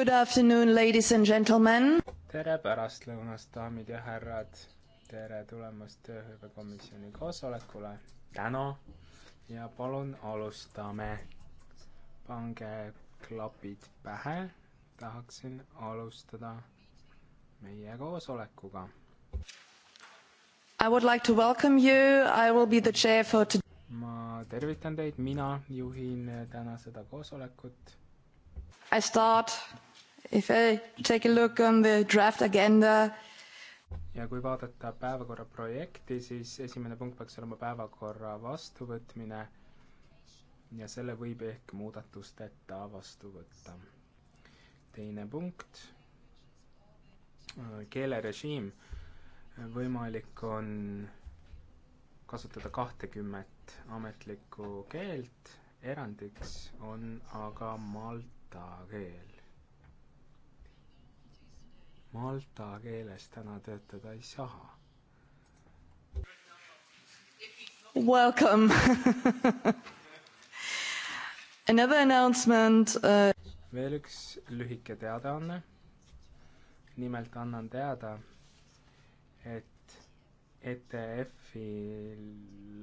Good afternoon, ladies and gentlemen. tere pärastlõunast, daamid ja härrad. tere tulemast tööhõivekomisjoni koosolekule täna ja palun alustame. pange klapid pähe, tahaksin alustada meie koosolekuga. I would like to welcome you, I will be the chair for today ma tervitan teid, mina juhin täna seda koosolekut. I start If I uh, take a look on the draft agenda. ja kui vaadata päevakorra projekti, siis esimene punkt peaks olema päevakorra vastuvõtmine ja selle võib ehk muudatusteta vastu võtta. teine punkt, keelerežiim, võimalik on kasutada kahtekümmet ametlikku keelt, erandiks on aga malta keel malta keeles täna töötada ei saa. Welcome Another announcement uh.... veel üks lühike teadaanne. nimelt annan teada, et ETF-i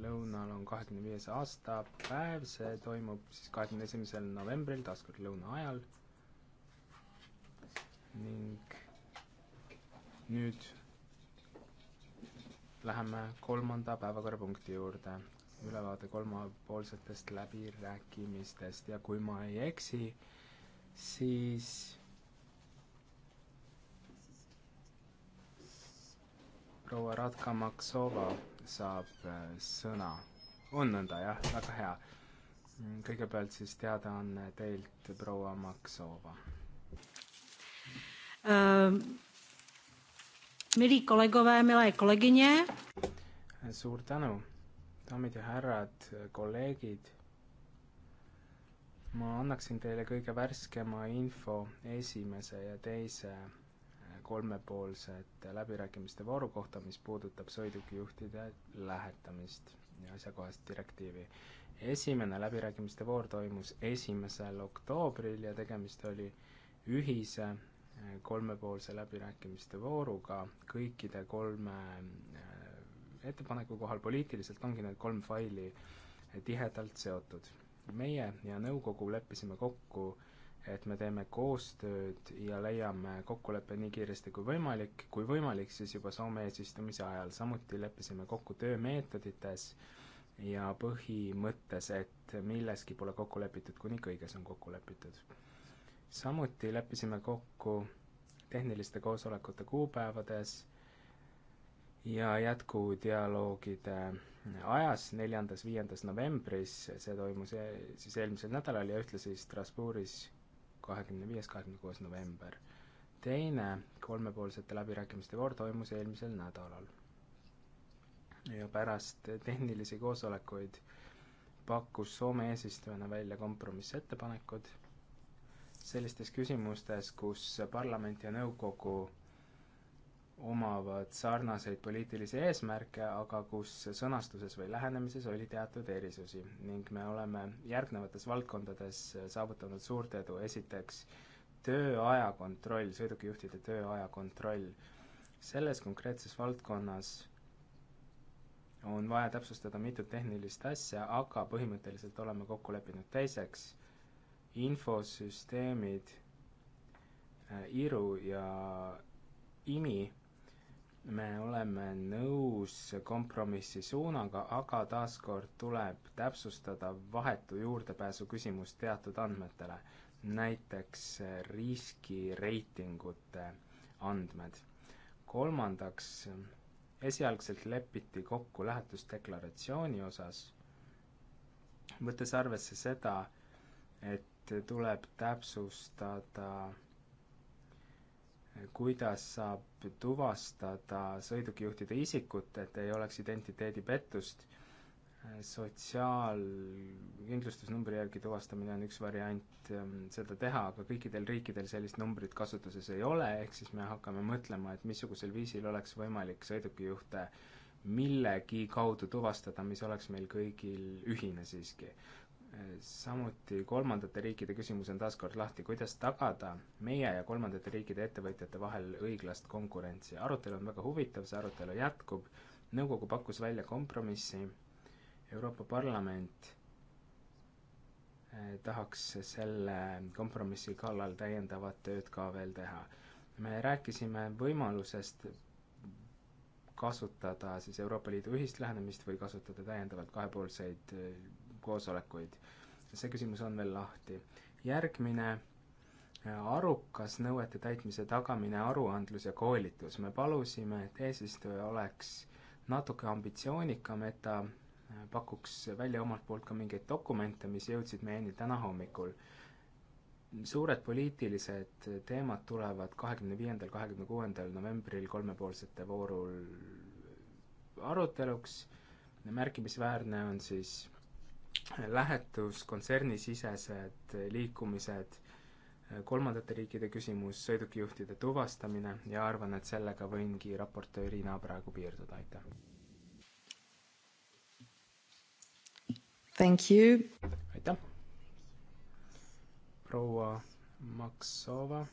lõunal on kahekümne viies aastapäev, see toimub siis kahekümne esimesel novembril, taas kord lõuna ajal ning nüüd läheme kolmanda päevakorrapunkti juurde, ülevaade kolmapoolsetest läbirääkimistest ja kui ma ei eksi, siis proua Radka Maksova saab äh, sõna. on nõnda, jah, väga hea. kõigepealt siis teadaanne teilt, proua Maksova um milí kolegové, milé kolegyně. suur tänu, daamid ja härrad, kolleegid. ma annaksin teile kõige värskema info esimese ja teise äh, kolmepoolsete läbirääkimiste vooru kohta, mis puudutab sõidukijuhtide lähetamist ja asjakohast direktiivi. esimene läbirääkimiste voor toimus esimesel oktoobril ja tegemist oli ühise kolmepoolse läbirääkimiste vooruga kõikide kolme äh, ettepaneku kohal, poliitiliselt ongi need kolm faili äh, tihedalt seotud. meie ja nõukogu leppisime kokku, et me teeme koostööd ja leiame kokkuleppe nii kiiresti kui võimalik, kui võimalik, siis juba Soome eesistumise ajal, samuti leppisime kokku töömeetodites ja põhimõttes, et milleski pole kokku lepitud, kuni kõiges on kokku lepitud samuti leppisime kokku tehniliste koosolekute kuupäevades ja jätkudialoogide ajas, neljandas, viiendas novembris, see toimus e siis eelmisel nädalal ja ühtlasi Strasbourgis kahekümne viies, kahekümne kuues november. teine kolmepoolsete läbirääkimiste voor toimus eelmisel nädalal. ja pärast tehnilisi koosolekuid pakkus Soome eesistujana välja kompromissettepanekud sellistes küsimustes, kus parlament ja nõukogu omavad sarnaseid poliitilisi eesmärke, aga kus sõnastuses või lähenemises oli teatud erisusi ning me oleme järgnevates valdkondades saavutanud suurt edu, esiteks tööaja kontroll, sõidukijuhtide tööaja kontroll. selles konkreetses valdkonnas on vaja täpsustada mitut tehnilist asja, aga põhimõtteliselt oleme kokku leppinud teiseks infosüsteemid äh, IRU ja IMI, me oleme nõus kompromissi suunaga, aga taaskord tuleb täpsustada vahetu juurdepääsu küsimust teatud andmetele, näiteks äh, riskireitingute andmed. kolmandaks, esialgselt lepiti kokku lähetusdeklaratsiooni osas, võttes arvesse seda, et tuleb täpsustada, kuidas saab tuvastada sõidukijuhtide isikut, et ei oleks identiteedipettust. sotsiaalkindlustusnumbri järgi tuvastamine on üks variant ähm, seda teha, aga kõikidel riikidel sellist numbrit kasutuses ei ole, ehk siis me hakkame mõtlema, et missugusel viisil oleks võimalik sõidukijuhte millegi kaudu tuvastada, mis oleks meil kõigil ühine siiski samuti kolmandate riikide küsimus on taas kord lahti, kuidas tagada meie ja kolmandate riikide ettevõtjate vahel õiglast konkurentsi. arutelu on väga huvitav, see arutelu jätkub, nõukogu pakkus välja kompromissi, Euroopa Parlament eh, tahaks selle kompromissi kallal täiendavat tööd ka veel teha. me rääkisime võimalusest kasutada siis Euroopa Liidu ühist lähenemist või kasutada täiendavalt kahepoolseid eh, koosolekuid. see küsimus on veel lahti. järgmine äh, arukas nõuete täitmise tagamine, aruandlus ja koolitus. me palusime, et eesistuja oleks natuke ambitsioonikam, et ta äh, pakuks välja omalt poolt ka mingeid dokumente, mis jõudsid meieni täna hommikul. suured poliitilised teemad tulevad kahekümne viiendal, kahekümne kuuendal novembril kolmepoolsete voorul aruteluks, märkimisväärne on siis lähetus, kontsernisisesed liikumised, äh, kolmandate riikide küsimus, sõidukijuhtide tuvastamine ja arvan, et sellega võingi raportöörina praegu piirduda, aitäh. Thank you. aitäh. proua Maksova.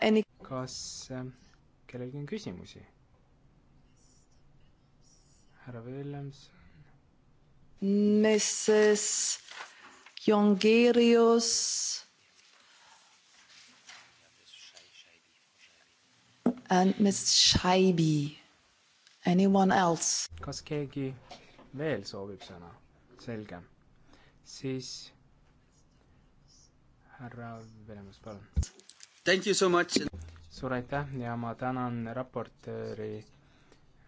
Any... kas äh, kellelgi on küsimusi? härra Williams. Mrs Jongerius. And Miss Shaibi. Anyone else? kas keegi veel soovib sõna? selge. siis härra Velemus, palun. Thank you so much. suur aitäh ja ma tänan raportööri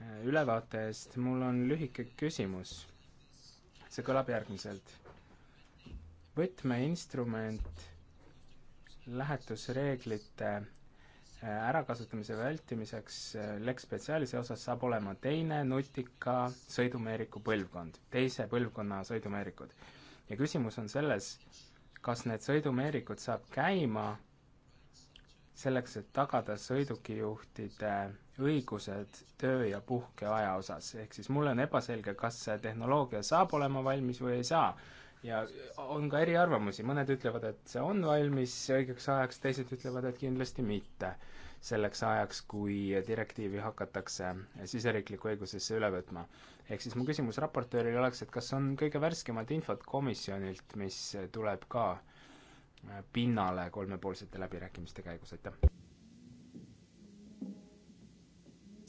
Äh, ülevaate eest, mul on lühike küsimus. see kõlab järgmiselt. võtmeinstrument lähetusreeglite äh, ärakasutamise vältimiseks äh, Lex Specialise osas saab olema teine nutika sõidumeeriku põlvkond, teise põlvkonna sõidumeerikud. ja küsimus on selles, kas need sõidumeerikud saab käima selleks, et tagada sõidukijuhtide õigused töö- ja puhkeaja osas, ehk siis mulle on ebaselge, kas see tehnoloogia saab olema valmis või ei saa. ja on ka eriarvamusi, mõned ütlevad, et see on valmis õigeks ajaks, teised ütlevad, et kindlasti mitte. selleks ajaks, kui direktiivi hakatakse siseriiklikku õigusesse üle võtma. ehk siis mu küsimus raportöörile oleks, et kas on kõige värskemat infot komisjonilt, mis tuleb ka pinnale kolmepoolsete läbirääkimiste käigus, aitäh!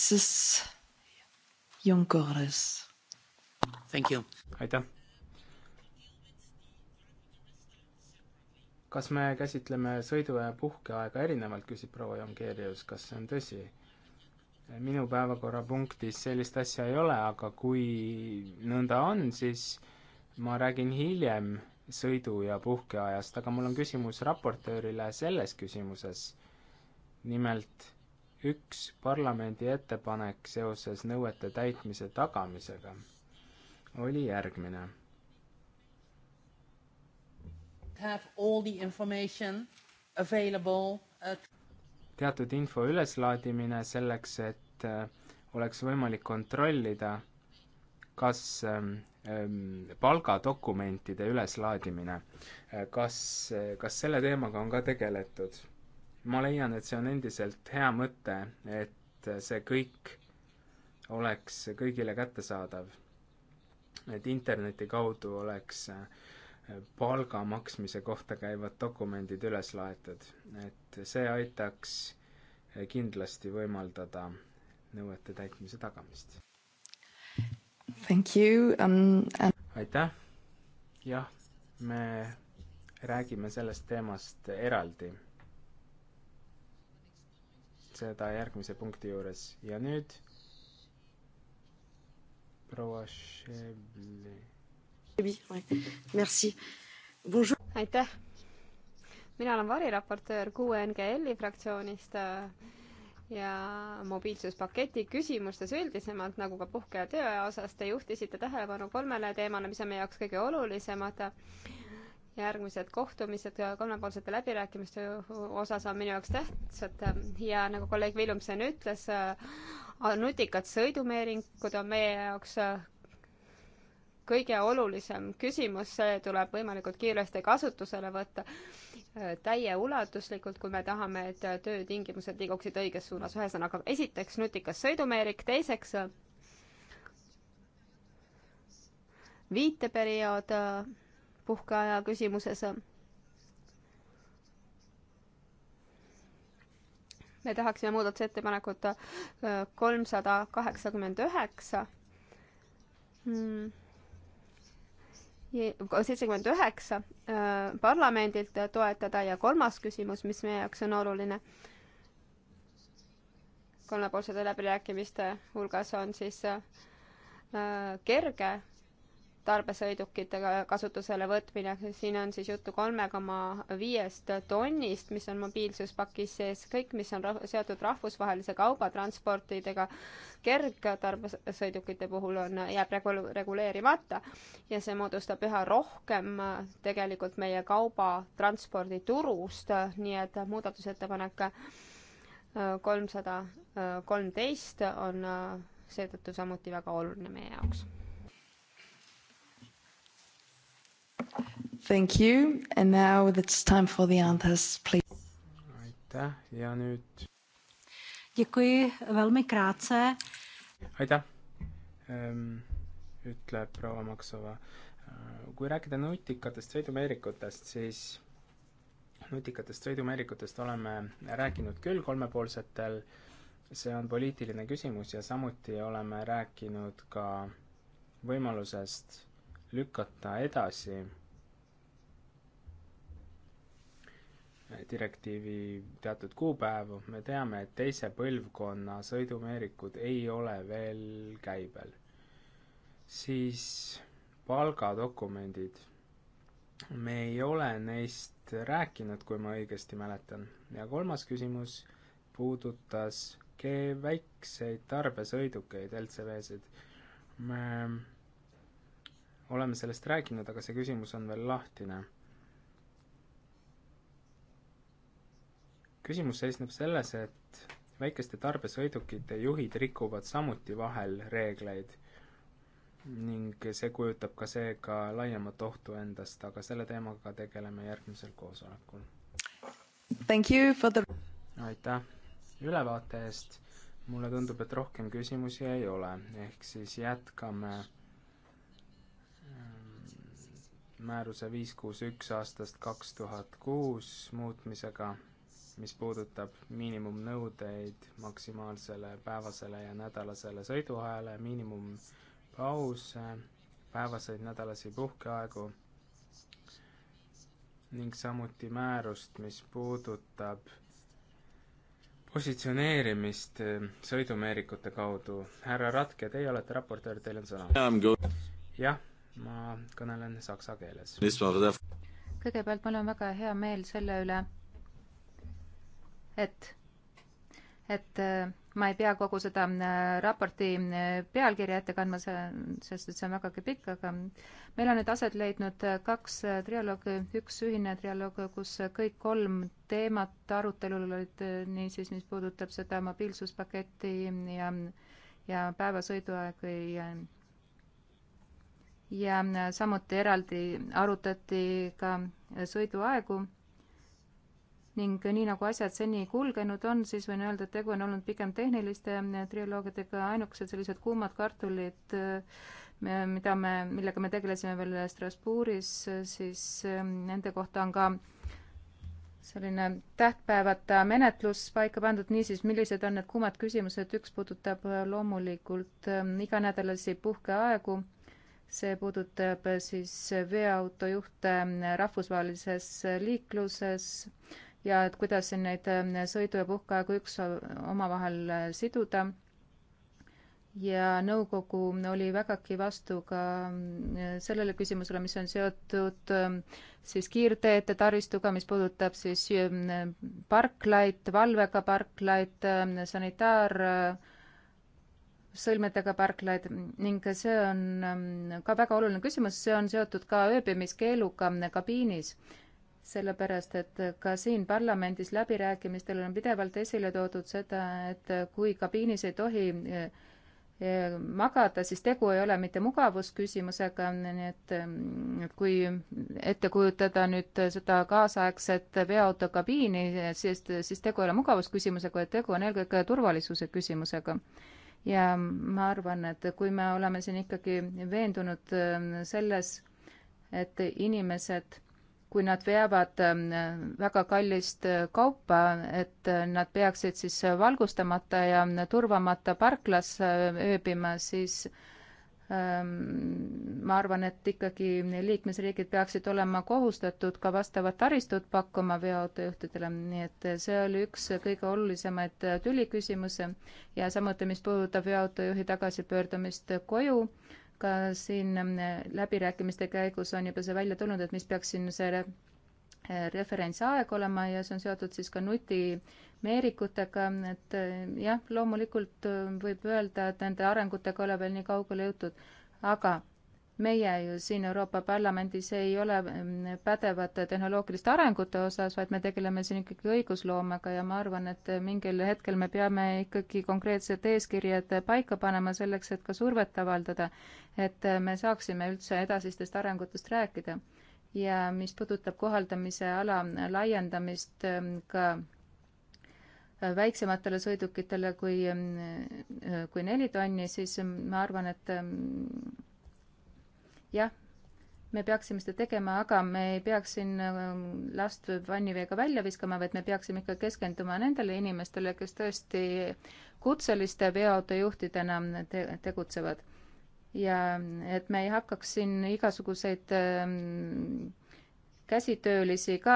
Mrs Junkeres. aitäh. kas me käsitleme sõidu- ja puhkeaega erinevalt, küsib proua Jongeerius, kas see on tõsi? minu päevakorrapunktis sellist asja ei ole, aga kui nõnda on, siis ma räägin hiljem sõidu- ja puhkeajast, aga mul on küsimus raportöörile selles küsimuses. nimelt üks parlamendi ettepanek seoses nõuete täitmise tagamisega oli järgmine. Uh, teatud info üleslaadimine selleks, et uh, oleks võimalik kontrollida, kas um, um, palgadokumentide üleslaadimine, uh, kas, kas selle teemaga on ka tegeletud ma leian, et see on endiselt hea mõte, et see kõik oleks kõigile kättesaadav. et interneti kaudu oleks palga maksmise kohta käivad dokumendid üles laetud, et see aitaks kindlasti võimaldada nõuete täitmise tagamist. Thank you um,. And... aitäh. jah, me räägime sellest teemast eraldi seda järgmise punkti juures ja nüüd proua Šebli. aitäh, mina olen variraportöör QNGL-i fraktsioonist äh, ja mobiilsuspaketi küsimustes üldisemalt, nagu ka puhke ja tööaja osas, te juhtisite tähelepanu kolmele teemale, mis on meie jaoks kõige olulisemad järgmised kohtumised kolmepoolsete läbirääkimiste osas on minu jaoks tähtsad ja nagu kolleeg Villumsen ütles, äh, nutikad sõidumeeringud on meie jaoks äh, kõige olulisem küsimus, see tuleb võimalikult kiiresti kasutusele võtta äh, täieulatuslikult, kui me tahame, et töötingimused liiguksid õiges suunas. ühesõnaga, esiteks nutikas sõidumeerik, teiseks viiteperiood puhkeaja küsimuses. me tahaksime muudatusettepanekut äh, kolmsada kaheksakümmend üheksa hmm. seitsekümmend üheksa äh, parlamendilt toetada ja kolmas küsimus, mis meie jaoks on oluline kolmepoolsete läbirääkimiste hulgas, on siis äh, äh kerge tarbesõidukite kasutusele võtmine, siin on siis juttu kolme koma viiest tonnist, mis on mobiilsuspakis sees, kõik, mis on rah seotud rahvusvahelise kaubatransportidega, kergtarbesõidukite puhul on, jääb regul-, reguleerimata ja see moodustab üha rohkem tegelikult meie kaubatransporditurust, nii et muudatusettepanek äh, kolmsada äh, kolmteist on äh, seetõttu samuti väga oluline meie jaoks Thank you and now it's time for the answers, please. aitäh ja nüüd. Děkuji velmi krátce. aitäh, ehm, ütleb proua Maksova. Äh, kui rääkida nutikatest sõidumeerikutest, siis nutikatest sõidumeerikutest oleme rääkinud küll kolmepoolsetel, see on poliitiline küsimus ja samuti oleme rääkinud ka võimalusest lükata edasi direktiivi teatud kuupäevu, me teame, et teise põlvkonna sõidumeerikud ei ole veel käibel. siis palgadokumendid. me ei ole neist rääkinud, kui ma õigesti mäletan. ja kolmas küsimus puudutas väikseid tarbesõidukeid, LCV-sid. me oleme sellest rääkinud, aga see küsimus on veel lahtine küsimus seisneb selles, et väikeste tarbesõidukite juhid rikuvad samuti vahel reegleid ning see kujutab ka seega laiemat ohtu endast, aga selle teemaga tegeleme järgmisel koosolekul. The... aitäh ülevaate eest, mulle tundub, et rohkem küsimusi ei ole, ehk siis jätkame ähm, määruse viis kuus üks aastast kaks tuhat kuus muutmisega mis puudutab miinimumnõudeid maksimaalsele päevasele ja nädalasele sõiduajale, miinimumpause, päevaseid nädalasi puhkeaegu ning samuti määrust, mis puudutab positsioneerimist sõidumeerikute kaudu. härra Ratke, teie olete raportöör, teil on sõna. jah, ma kõnelen saksa keeles. kõigepealt mul on väga hea meel selle üle, et, et äh, ma ei pea kogu seda äh, raporti äh, pealkirja ette kandma, see, sest et see on vägagi pikk, aga meil on nüüd aset leidnud kaks trialoogi, üks ühine trialoog, kus kõik kolm teemat arutelul olid, niisiis, mis puudutab seda mobiilsuspaketti ja, ja päevasõiduaegu ja ja samuti eraldi arutati ka sõiduaegu ning nii nagu asjad seni kulgenud on, siis võin öelda, et tegu on olnud pigem tehniliste eh, triloogiatega, ainukesed sellised kuumad kartulid, eh, mida me, millega me tegelesime veel Strasbourgis, eh, siis nende kohta on ka selline tähtpäevata menetlus paika pandud, niisiis, millised on need kuumad küsimused, üks puudutab loomulikult iganädalasi puhkeaegu, see puudutab siis veoautojuhte rahvusvahelises liikluses ja et kuidas siin neid ähm, sõidu- ja puhkeaegu üks omavahel äh, siduda. ja nõukogu oli vägagi vastu ka ähm, sellele küsimusele, mis on seotud ähm, siis kiirteede taristuga, mis puudutab siis parklaid, valvega parklaid, sanitaar, sõlmedega parklaid ning see on ka väga oluline küsimus, see on seotud ka ööbimiskeeluga kabiinis sellepärast et ka siin parlamendis läbirääkimistel on pidevalt esile toodud seda, et kui kabiinis ei tohi eh, magada, siis tegu ei ole mitte mugavusküsimusega, nii et, mm, et kui ette kujutada nüüd seda kaasaegset veoauto kabiini, siis, siis tegu ei ole mugavusküsimusega, vaid tegu on eelkõige turvalisuse küsimusega. ja ma arvan, et kui me oleme siin ikkagi veendunud mm, selles, et inimesed kui nad veavad ähm, väga kallist äh, kaupa, et äh, nad peaksid siis äh, valgustamata ja turvamata parklas ööbima, siis ähm, ma arvan, et ikkagi liikmesriigid peaksid olema kohustatud ka vastavat taristut pakkuma veoautojuhtidele, nii et see oli üks kõige olulisemaid tüliküsimusi ja samuti, mis puudutab veoautojuhi tagasipöördumist koju ka siin äh, läbirääkimiste käigus on juba see välja tulnud, et mis peaks siin see äh, referentsaeg olema ja see on seotud siis ka nutimeerikutega, et äh, jah, loomulikult võib öelda, et nende arengutega ei ole veel nii kaugele jõutud, aga meie ju siin Euroopa Parlamendis ei ole mm, pädevad tehnoloogiliste arengute osas, vaid me tegeleme siin ikkagi õigusloomega ja ma arvan, et mingil hetkel me peame ikkagi konkreetsed eeskirjad paika panema selleks, et ka survet avaldada, et me saaksime üldse edasistest arengutest rääkida. ja mis puudutab kohaldamise ala laiendamist mm, ka väiksematele sõidukitele kui, mm, kui neli tonni, siis ma arvan, et jah, me peaksime seda tegema, aga me ei peaks siin äh, last vanniveega välja viskama, vaid me peaksime ikka keskenduma nendele inimestele, kes tõesti kutseliste veoautojuhtidena te tegutsevad. ja et me ei hakkaks siin igasuguseid ähm, käsitöölisi ka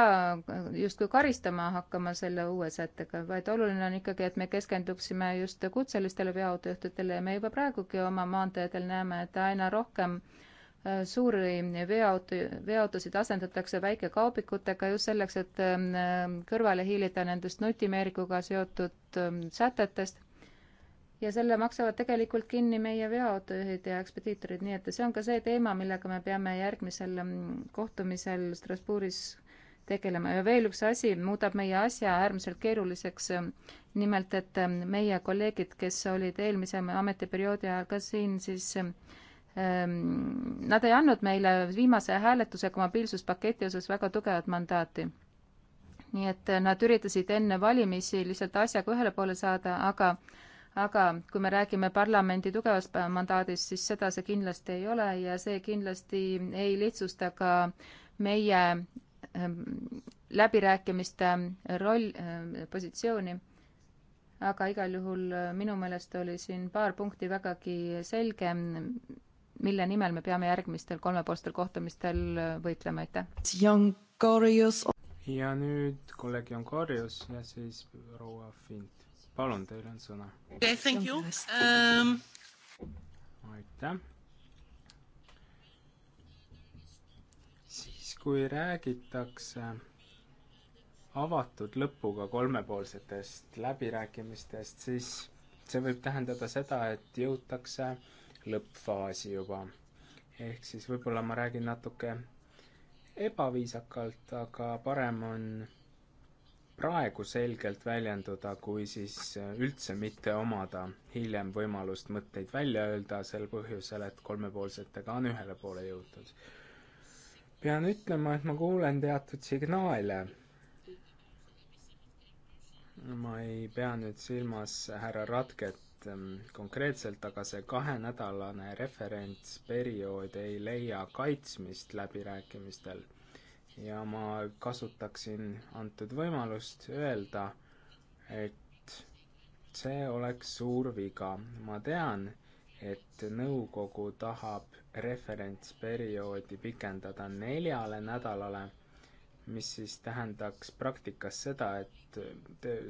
justkui karistama hakkama selle uue sättega, vaid oluline on ikkagi, et me keskenduksime just kutselistele veoautojuhtidele ja me juba praegugi oma maanteedel näeme, et aina rohkem äh, Äh, suuri veoauto, veoautosid asendatakse väikekaubikutega just selleks, et ähm, äh, kõrvale hiilida nendest nutimeerikuga seotud ähm, sätetest. ja selle maksavad tegelikult kinni meie veoautojuhid ja ekspediitorid, nii et see on ka see teema, millega me peame järgmisel ähm, kohtumisel Strasbourgis tegelema ja veel üks asi muudab meie asja äärmiselt keeruliseks. nimelt, et meie kolleegid, kes olid eelmise ametiperioodi ajal ka siin, siis Ehm, nad ei andnud meile viimase hääletusega mobiilsuspaketi osas väga tugevat mandaati. nii et eh, nad üritasid enne valimisi lihtsalt asjaga ühele poole saada, aga aga kui me räägime parlamendi tugevast mandaadist, siis seda see kindlasti ei ole ja see kindlasti ei lihtsusta ka meie ehm, läbirääkimiste roll, ehm, positsiooni. aga igal juhul eh, minu meelest oli siin paar punkti vägagi selge, mille nimel me peame järgmistel kolmepoolsetel kohtumistel äh, võitlema, aitäh! ja nüüd kolleeg Jankarius ja siis proua Fint. palun, teil on sõna. Um... aitäh! siis, kui räägitakse avatud lõpuga kolmepoolsetest läbirääkimistest, siis see võib tähendada seda, et jõutakse äh, lõppfaasi juba. ehk siis võib-olla ma räägin natuke ebaviisakalt, aga parem on praegu selgelt väljenduda, kui siis üldse mitte omada hiljem võimalust mõtteid välja öelda sel põhjusel, et kolmepoolsetega on ühele poole jõutud. pean ütlema, et ma kuulen teatud signaale. ma ei pea nüüd silmas härra Ratket, Ähm, konkreetselt, aga see kahenädalane referentsperiood ei leia kaitsmist läbirääkimistel. ja ma kasutaksin antud võimalust öelda, et see oleks suur viga. ma tean, et nõukogu tahab referentsperioodi pikendada neljale nädalale mis siis tähendaks praktikas seda, et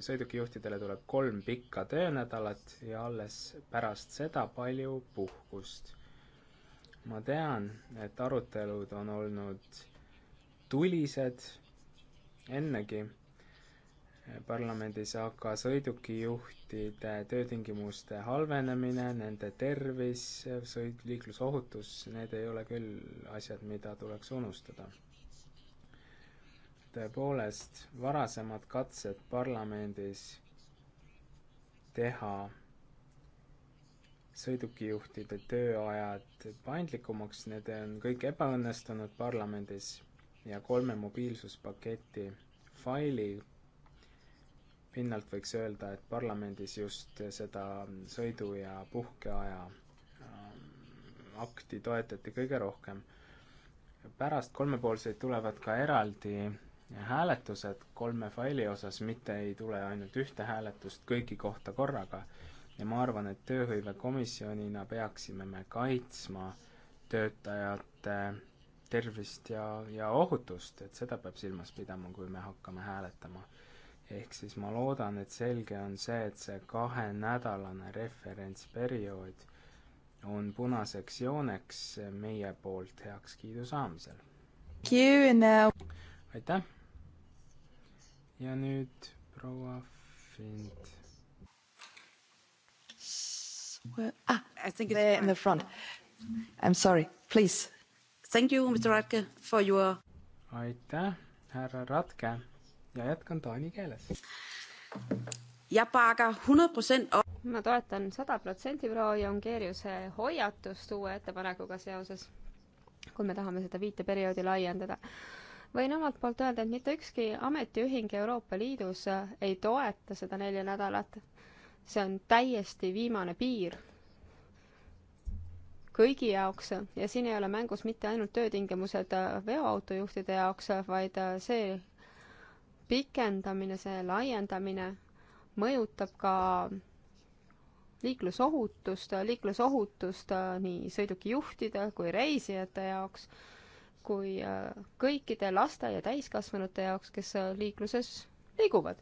sõidukijuhtidele tuleb kolm pikka töönädalat ja alles pärast seda palju puhkust. ma tean, et arutelud on olnud tulised ennegi parlamendis, aga sõidukijuhtide töötingimuste halvenemine, nende tervis, sõid, liiklusohutus, need ei ole küll asjad, mida tuleks unustada tõepoolest varasemad katsed parlamendis teha sõidukijuhtide tööajad paindlikumaks, need on kõik ebaõnnestunud parlamendis ja kolme mobiilsuspaketi faili pinnalt võiks öelda, et parlamendis just seda sõidu- ja puhkeaja ähm, akti toetati kõige rohkem. pärast kolmepoolseid tulevad ka eraldi hääletused kolme faili osas, mitte ei tule ainult ühte hääletust kõigi kohta korraga. ja ma arvan, et tööhõivekomisjonina peaksime me kaitsma töötajate tervist ja, ja ohutust, et seda peab silmas pidama, kui me hakkame hääletama. ehk siis ma loodan, et selge on see, et see kahenädalane referentsperiood on punaseks jooneks meie poolt heakskiidu saamisel. Uh, aitäh! ja nüüd proua Fint. Well, ah, I think it's there in the front. I am sorry, please. Thank you, Mr Ratke, for your. aitäh, härra Ratke ja jätkan taani keeles. ma toetan sada protsenti proua Jongeeriuse hoiatust uue ettepanekuga seoses, kui me tahame seda viiteperioodi laiendada võin omalt poolt öelda, et mitte ükski ametiühing Euroopa Liidus äh, ei toeta seda nelja nädalat. see on täiesti viimane piir kõigi jaoks ja siin ei ole mängus mitte ainult töötingimused äh, veoautojuhtide jaoks, äh, vaid see pikendamine, see laiendamine mõjutab ka liiklusohutust, liiklusohutust nii sõidukijuhtide kui reisijate jaoks kui äh, kõikide laste ja täiskasvanute jaoks, kes äh, liikluses liiguvad.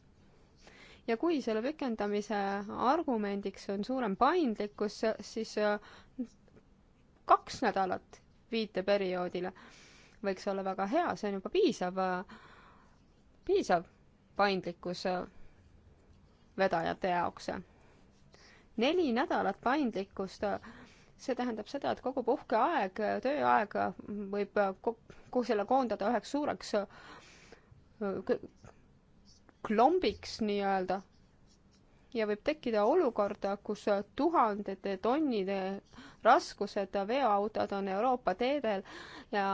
ja kui selle pikendamise argumendiks on suurem paindlikkus, siis äh, kaks nädalat viiteperioodile võiks olla väga hea, see on juba piisav, piisav paindlikkus vedajate jaoks. neli nädalat paindlikkust see tähendab seda, et kogu puhkeaeg, tööaeg võib kogu selle koondada üheks suureks klombiks nii-öelda ja võib tekkida olukorda, kus tuhandete tonnide raskused veoautod on Euroopa teedel ja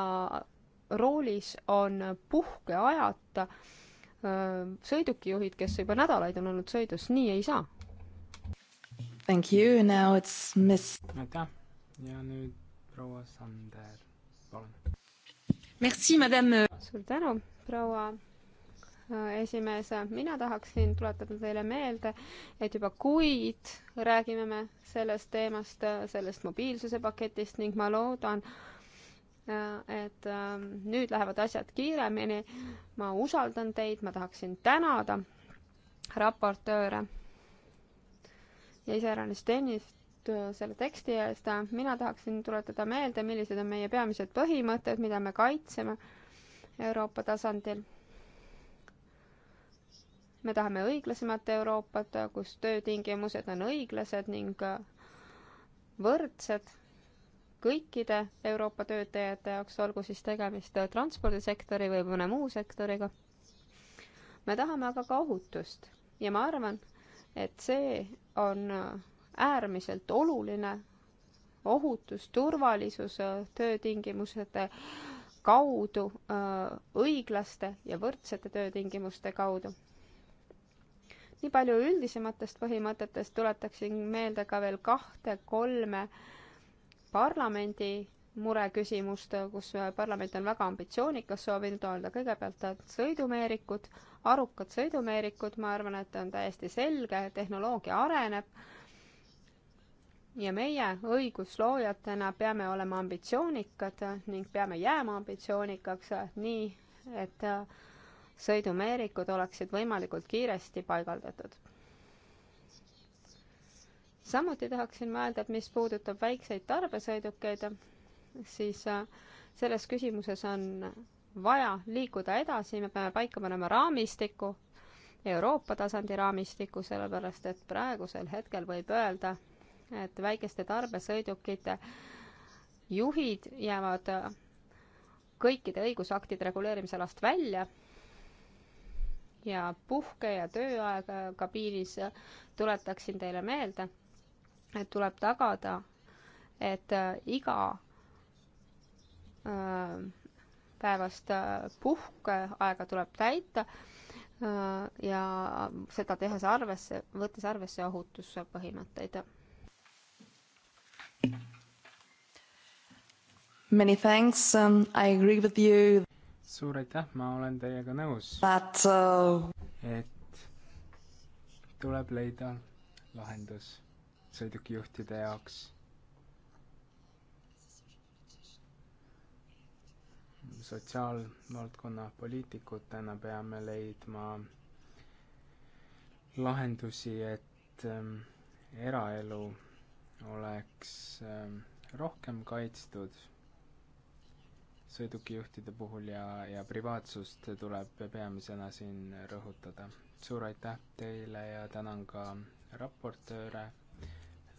roolis on puhkeajata äh, sõidukijuhid, kes juba nädalaid on olnud sõidus, nii ei saa Thank you, now it's miss. aitäh ja nüüd proua Sander, palun. Merci, madame. suur tänu, proua äh, esimees, mina tahaksin tuletada teile meelde, et juba kuid räägime me sellest teemast, äh, sellest mobiilsuse paketist ning ma loodan, äh, et ähm, nüüd lähevad asjad kiiremini. ma usaldan teid, ma tahaksin tänada raportööre ja iseäranis Tennist äh, selle teksti eest. mina tahaksin tuletada meelde, millised on meie peamised põhimõtted, mida me kaitseme Euroopa tasandil. me tahame õiglasemat Euroopat, kus töötingimused on õiglased ning äh, võrdsed kõikide Euroopa töötajate jaoks, olgu siis tegemist transpordisektori või mõne muu sektoriga. me tahame aga ka ohutust ja ma arvan, et see on äärmiselt oluline ohutus, turvalisus töötingimused kaudu, õiglaste ja võrdsete töötingimuste kaudu. nii palju üldisematest põhimõtetest tuletaksin meelde ka veel kahte-kolme parlamendi mureküsimust, kus parlament on väga ambitsioonikas soovinud öelda, kõigepealt sõidumeerikud, arukad sõidumeerikud, ma arvan, et on täiesti selge, tehnoloogia areneb ja meie õigusloojatena peame olema ambitsioonikad ning peame jääma ambitsioonikaks, nii et sõidumeerikud oleksid võimalikult kiiresti paigaldatud. samuti tahaksin mõelda, et mis puudutab väikseid tarbesõidukeid, siis äh, selles küsimuses on vaja liikuda edasi, me peame paika panema raamistiku, Euroopa tasandi raamistiku, sellepärast et praegusel hetkel võib öelda, et väikeste tarbesõidukite juhid jäävad äh, kõikide õigusaktide reguleerimisalast välja ja puhke- ja tööaega kabiinis äh, tuletaksin teile meelde, et tuleb tagada, et iga päevast äh, puhkeaega tuleb täita äh, ja seda tehes arvesse, võttes arvesse ohutuse põhimõtteid. Many thanks um,, I agree with you. suur aitäh, ma olen teiega nõus. That uh.... et tuleb leida lahendus sõidukijuhtide jaoks sotsiaalvaldkonna poliitikutena peame leidma lahendusi, et ähm, eraelu oleks ähm, rohkem kaitstud sõidukijuhtide puhul ja, ja privaatsust tuleb peamisena siin rõhutada. suur aitäh teile ja tänan ka raportööre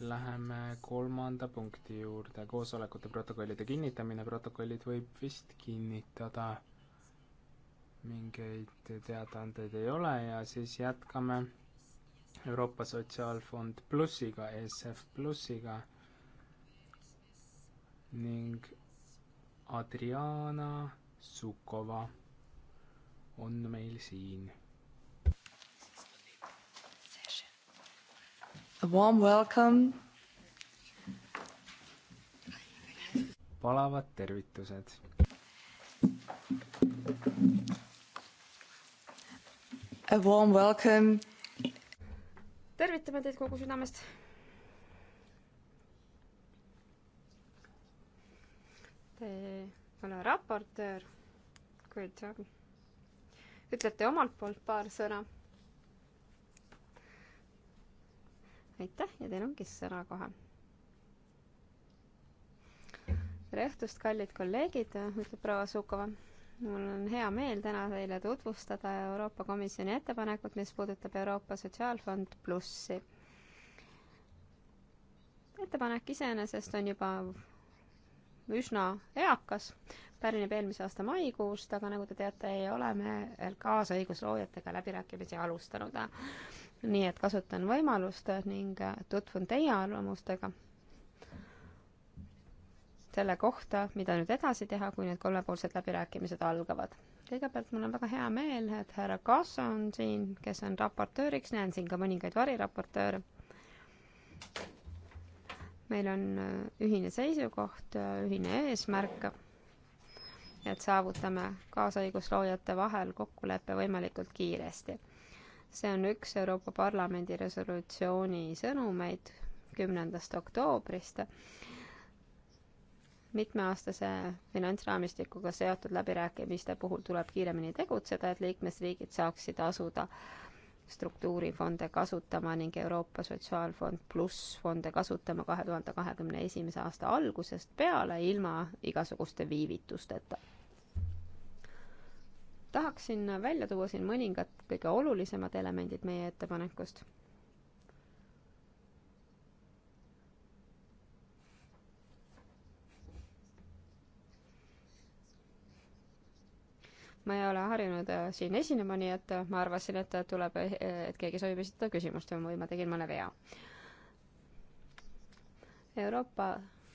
Läheme kolmanda punkti juurde, koosolekute protokollide kinnitamine, protokollid võib vist kinnitada. mingeid teadaandeid ei ole ja siis jätkame Euroopa Sotsiaalfond plussiga, ESF plussiga ning Adriana Sukova on meil siin A warm welcome. palavad tervitused. A warm welcome. tervitame teid kogu südamest. Te olete raportöör. Good job. ütlete omalt poolt paar sõna aitäh ja teil ongi sõna kohe. tere õhtust, kallid kolleegid, ütleb proua Sukova. mul on hea meel täna teile tutvustada Euroopa Komisjoni ettepanekut, mis puudutab Euroopa Sotsiaalfond plussi. ettepanek iseenesest on juba üsna eakas, pärineb eelmise aasta maikuust, aga nagu te teate, ei ole me veel kaasõigusloojatega läbirääkimisi alustanud nii et kasutan võimalust ning tutvun teie arvamustega selle kohta, mida nüüd edasi teha, kui need kolmepoolsed läbirääkimised algavad. kõigepealt mul on väga hea meel, et härra Kasso on siin, kes on raportööriks, näen siin ka mõningaid variraportööre. meil on äh, ühine seisukoht, äh, ühine eesmärk, et saavutame kaasõigusloojate vahel kokkuleppe võimalikult kiiresti see on üks Euroopa Parlamendi resolutsiooni sõnumeid kümnendast oktoobrist mitmeaastase finantsraamistikuga seotud läbirääkimiste puhul tuleb kiiremini tegutseda, et liikmesriigid saaksid asuda struktuurifonde kasutama ning Euroopa Sotsiaalfond pluss fonde kasutama kahe tuhande kahekümne esimese aasta algusest peale ilma igasuguste viivitusteta tahaksin välja tuua siin mõningad kõige olulisemad elemendid meie ettepanekust ma ei ole harjunud äh, siin esinema, nii et äh, ma arvasin, et äh, tuleb, et keegi soovib esitada küsimust või ma tegin mõne vea. Euroopa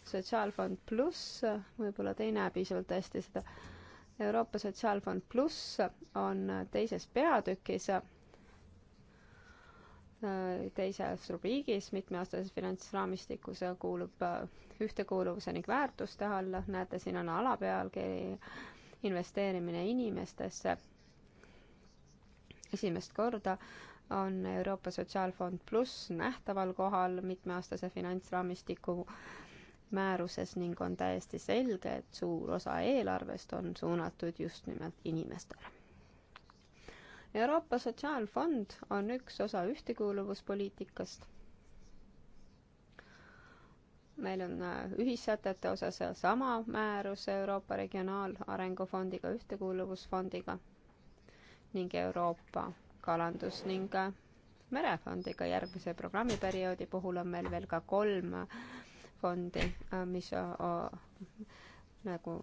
Sotsiaalfond pluss, võib-olla te ei näe piisavalt hästi seda Euroopa Sotsiaalfond pluss on teises peatükis, teises rubriigis mitmeaastases finantsraamistikus kuulub ühtekuuluvuse ning väärtuste alla, näete, siin on alapealkiri investeerimine inimestesse. esimest korda on Euroopa Sotsiaalfond pluss nähtaval kohal mitmeaastase finantsraamistiku määruses ning on täiesti selge, et suur osa eelarvest on suunatud just nimelt inimestele. Euroopa Sotsiaalfond on üks osa ühtekuuluvuspoliitikast. meil on äh, ühissätete osas sama määrus Euroopa Regionaalarengu Fondiga, Ühtekuuluvusfondiga ning Euroopa Kalandus- ning äh, Merefondiga. järgmise programmiperioodi puhul on meil veel ka kolm fondi, äh, mis äh, äh, nagu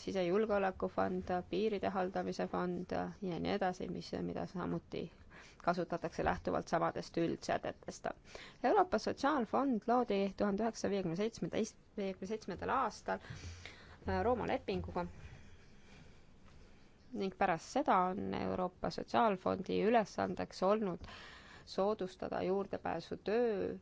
sisejulgeolekufond, piiride haldamise fond ja nii edasi, mis, mida samuti kasutatakse lähtuvalt samadest üldsädetest. Euroopa Sotsiaalfond loodi tuhande üheksasaja viiekümne seitsmeteist, viiekümne seitsmendal aastal Rooma lepinguga ning pärast seda on Euroopa Sotsiaalfondi ülesandeks olnud soodustada juurdepääsu töö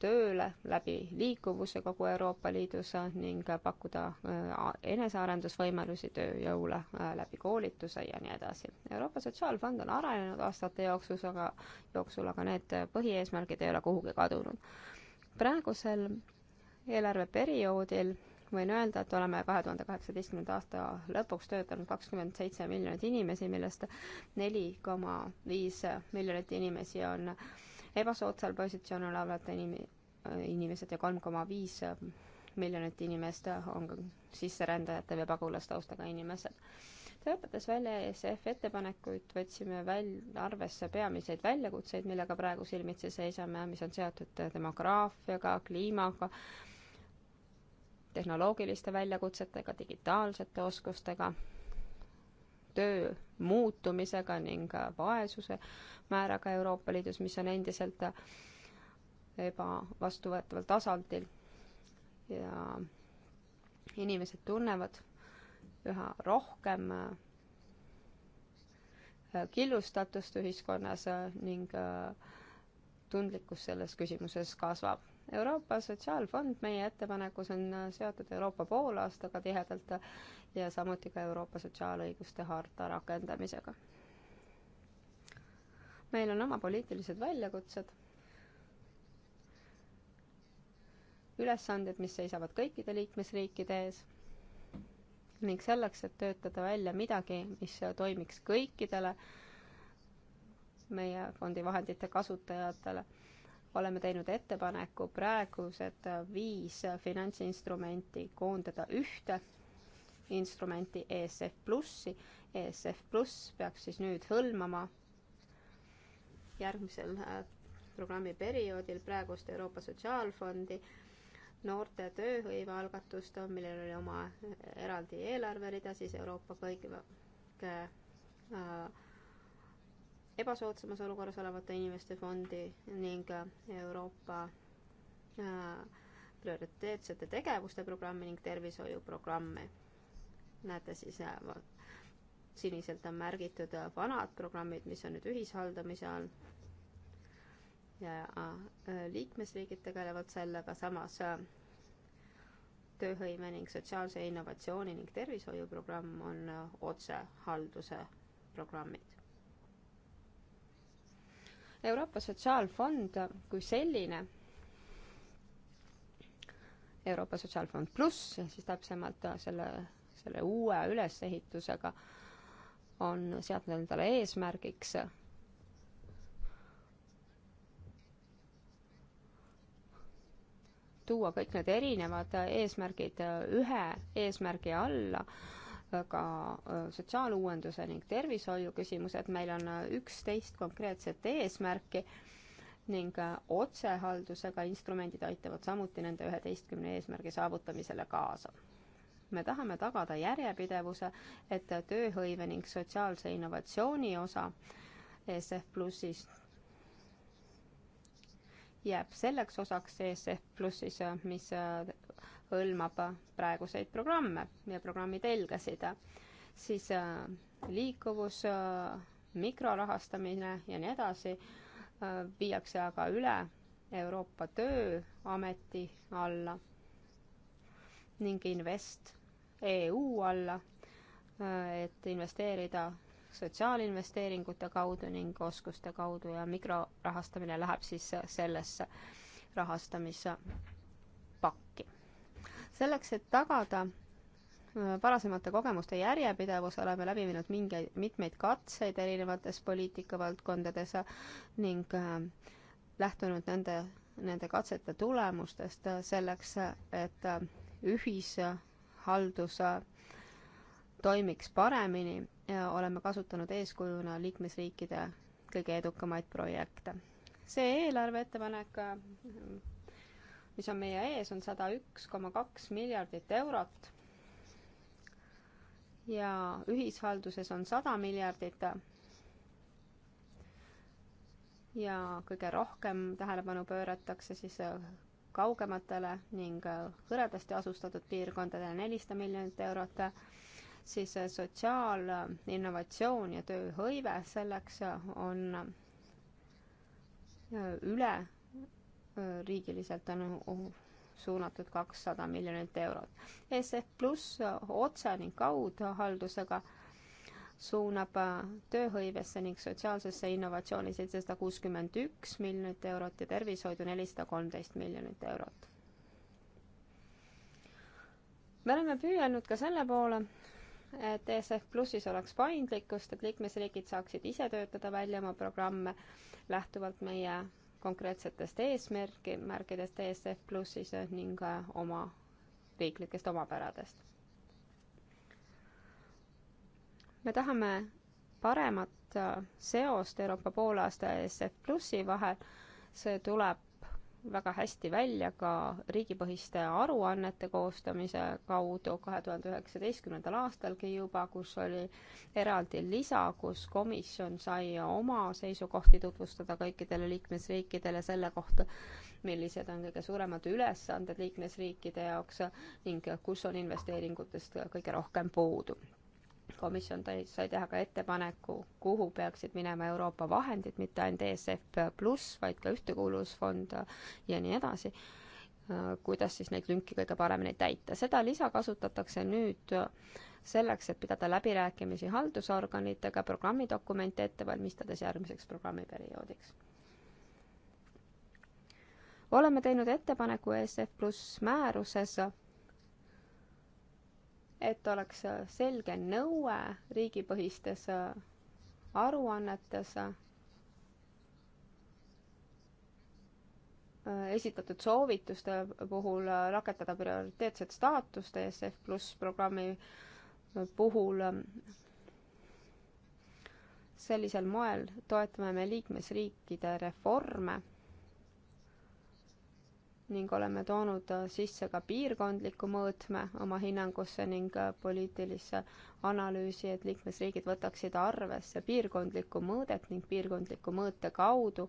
tööle läbi liikuvuse kogu Euroopa Liidus ning pakkuda äh, enesearendusvõimalusi tööjõule äh, läbi koolituse ja nii edasi. Euroopa Sotsiaalfond on arenenud aastate jooksul, aga, jooksul, aga need põhieesmärgid ei ole kuhugi kadunud. praegusel eelarveperioodil võin öelda, et oleme kahe tuhande kaheksateistkümnenda aasta lõpuks töötanud kakskümmend seitse miljonit inimesi, millest neli koma viis miljonit inimesi on äh, ebasoodsal positsioonil olevate inim-, inimesed ja kolm koma viis äh, miljonit inimest äh, on sisserändajate või pagulastaustaga inimesed. töötades välja ESF ettepanekuid, võtsime väl-, arvesse peamiseid väljakutseid, millega praegu silmitsi seisame, mis on seotud demograafiaga, kliimaga, tehnoloogiliste väljakutsetega, digitaalsete oskustega töö muutumisega ning vaesuse määraga Euroopa Liidus, mis on endiselt ebavastuvõetaval tasandil. ja inimesed tunnevad üha rohkem äh, killustatust ühiskonnas äh, ning äh, tundlikkus selles küsimuses kasvab. Euroopa Sotsiaalfond meie ettepanekus on seotud Euroopa poolaastaga tihedalt ja samuti ka Euroopa sotsiaalõiguste harta rakendamisega. meil on oma poliitilised väljakutsed, ülesanded, mis seisavad kõikide liikmesriikide ees ning selleks, et töötada välja midagi, mis toimiks kõikidele meie fondi vahendite kasutajatele, oleme teinud ettepaneku praegused viis finantsinstrumenti koondada ühte instrumenti ESF Plussi. ESF Pluss peaks siis nüüd hõlmama järgmisel äh, programmiperioodil praegust Euroopa Sotsiaalfondi, noorte tööhõive algatust, millel oli oma äh, eraldi eelarverida, siis Euroopa kõige äh, ebasoodsamas olukorras olevate inimeste fondi ning Euroopa prioriteetsete tegevuste programmi ning tervishoiuprogramme näete siis äh, siniselt on märgitud äh, vanad programmid, mis on nüüd ühishaldamise all. ja äh, liikmesriigid tegelevad sellega, samas tööhõime ning sotsiaalse innovatsiooni ning tervishoiuprogramm on otsehalduse programmid. Euroopa Sotsiaalfond kui selline, Euroopa Sotsiaalfond pluss, siis täpsemalt selle selle uue ülesehitusega on seadnud endale eesmärgiks tuua kõik need erinevad eesmärgid ühe eesmärgi alla, ka äh, sotsiaaluuenduse ning tervishoiu küsimused, meil on äh, üksteist konkreetset eesmärki ning äh, otsehaldusega instrumendid aitavad samuti nende üheteistkümne eesmärgi saavutamisele kaasa me tahame tagada järjepidevuse, et tööhõive ning sotsiaalse innovatsiooni osa ESF Plussis jääb selleks osaks ESF Plussis, mis hõlmab praeguseid programme ja programmi telgesid, siis äh, liikuvus, äh, mikrorahastamine ja nii edasi äh, viiakse aga üle Euroopa Tööameti alla ning Invest EU alla, äh, et investeerida sotsiaalinvesteeringute kaudu ning oskuste kaudu ja mikrorahastamine läheb siis sellesse rahastamispakki. selleks, et tagada äh, varasemate kogemuste järjepidevus, oleme läbi viinud mingeid, mitmeid katseid erinevates poliitikavaldkondades ning äh, lähtunud nende, nende katsete tulemustest selleks, et ühise haldus äh, toimiks paremini ja oleme kasutanud eeskujuna liikmesriikide kõige edukamaid projekte. see eelarve ettepanek, äh, mis on meie ees, on sada üks koma kaks miljardit eurot ja ühishalduses on sada miljardit. ja kõige rohkem tähelepanu pööratakse siis äh, kaugematele ning äh, hõredasti asustatud piirkondadele nelisada miljonit eurot, siis äh, sotsiaalinnovatsioon äh, ja tööhõive, selleks on üle riigiliselt on suunatud kakssada miljonit eurot. ESF pluss otse ning kaudhaldusega suunab äh, tööhõivesse ning sotsiaalsesse innovatsiooni seitsesada kuuskümmend üks miljonit eurot ja tervishoidu nelisada kolmteist miljonit eurot. me oleme püüelnud ka selle poole, et ESF Plussis oleks paindlikkust, et liikmesriigid saaksid ise töötada välja oma programme lähtuvalt meie konkreetsetest eesmärki, märkidest ESF Plussis ning äh, oma riiklikest omapäradest me tahame paremat äh, seost Euroopa poolaasta ja SF Plussi vahel, see tuleb väga hästi välja ka riigipõhiste aruannete koostamise kaudu kahe tuhande üheksateistkümnendal aastalgi juba, kus oli eraldi lisa, kus komisjon sai oma seisukohti tutvustada kõikidele liikmesriikidele selle kohta, millised on kõige suuremad ülesanded liikmesriikide jaoks ning kus on investeeringutest kõige rohkem puudu komisjon tõi, sai teha ka ettepaneku, kuhu peaksid minema Euroopa vahendid, mitte ainult ESF pluss, vaid ka Ühtekuuluvusfond ja nii edasi, kuidas siis neid lünki kõige paremini täita. seda lisa kasutatakse nüüd selleks, et pidada läbirääkimisi haldusorganitega programmidokumente ette valmistades järgmiseks programmiperioodiks. oleme teinud ettepaneku ESF pluss määruses et oleks äh, selge nõue riigipõhistes äh, aruannetes äh, esitatud soovituste puhul rakendada prioriteetset staatust ESF pluss programmi puhul. sellisel moel toetame me liikmesriikide reforme ning oleme toonud äh, sisse ka piirkondliku mõõtme oma hinnangusse ning äh, poliitilisse analüüsi, et liikmesriigid võtaksid arvesse piirkondlikku mõõdet ning piirkondliku mõõte kaudu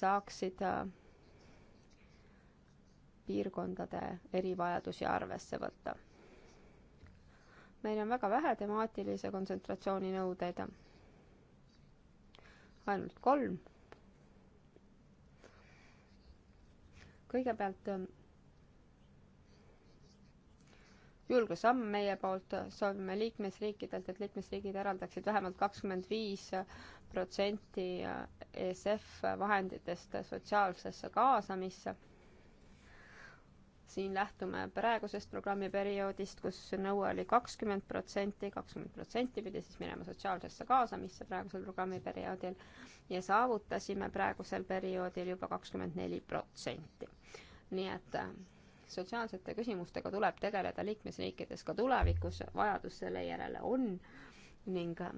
saaksid äh, piirkondade erivajadusi arvesse võtta. meil on väga vähe temaatilise kontsentratsiooni nõudeid, ainult kolm kõigepealt ähm, julge samm meie poolt, soovime liikmesriikidelt, et liikmesriigid eraldaksid vähemalt kakskümmend viis äh, protsenti äh, ESF vahenditest sotsiaalsesse kaasamisse. siin lähtume praegusest programmiperioodist, kus nõue oli kakskümmend protsenti, kakskümmend protsenti pidi siis minema sotsiaalsesse kaasamisse praegusel programmiperioodil ja saavutasime praegusel perioodil juba kakskümmend neli protsenti nii et äh, sotsiaalsete küsimustega tuleb tegeleda liikmesriikides ka tulevikus, vajadus selle järele on ning äh,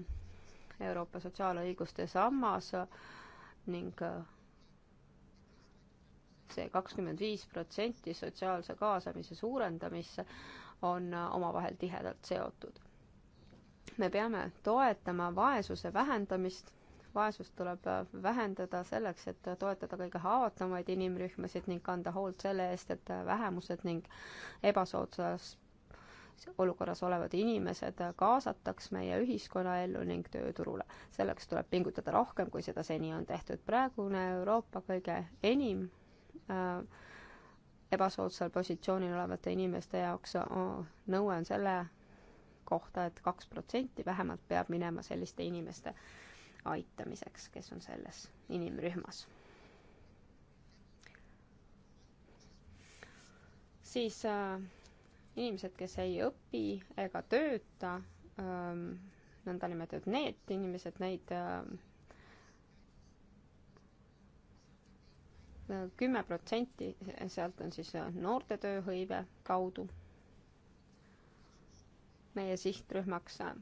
Euroopa sotsiaalõiguste sammas äh, ning see kakskümmend viis protsenti sotsiaalse kaasamise suurendamisse on omavahel tihedalt seotud. me peame toetama vaesuse vähendamist vaesust tuleb äh, vähendada selleks, et toetada kõige haavatavamaid inimrühmasid ning kanda hoolt selle eest, et äh, vähemused ning ebasoodsas olukorras olevad inimesed äh, kaasataks meie ühiskonnaellu ning tööturule. selleks tuleb pingutada rohkem, kui seda seni on tehtud. praegune Euroopa kõige enim äh, ebasoodsal positsioonil olevate inimeste jaoks nõue on selle kohta et, et kaks protsenti vähemalt peab minema selliste inimeste äh, aitamiseks, kes on selles inimrühmas. siis äh, inimesed, kes ei õpi ega tööta ähm,, nõndanimetatud need inimesed, neid äh, äh, kümme äh, protsenti sealt on siis äh, noorte tööhõive kaudu meie sihtrühmaks äh,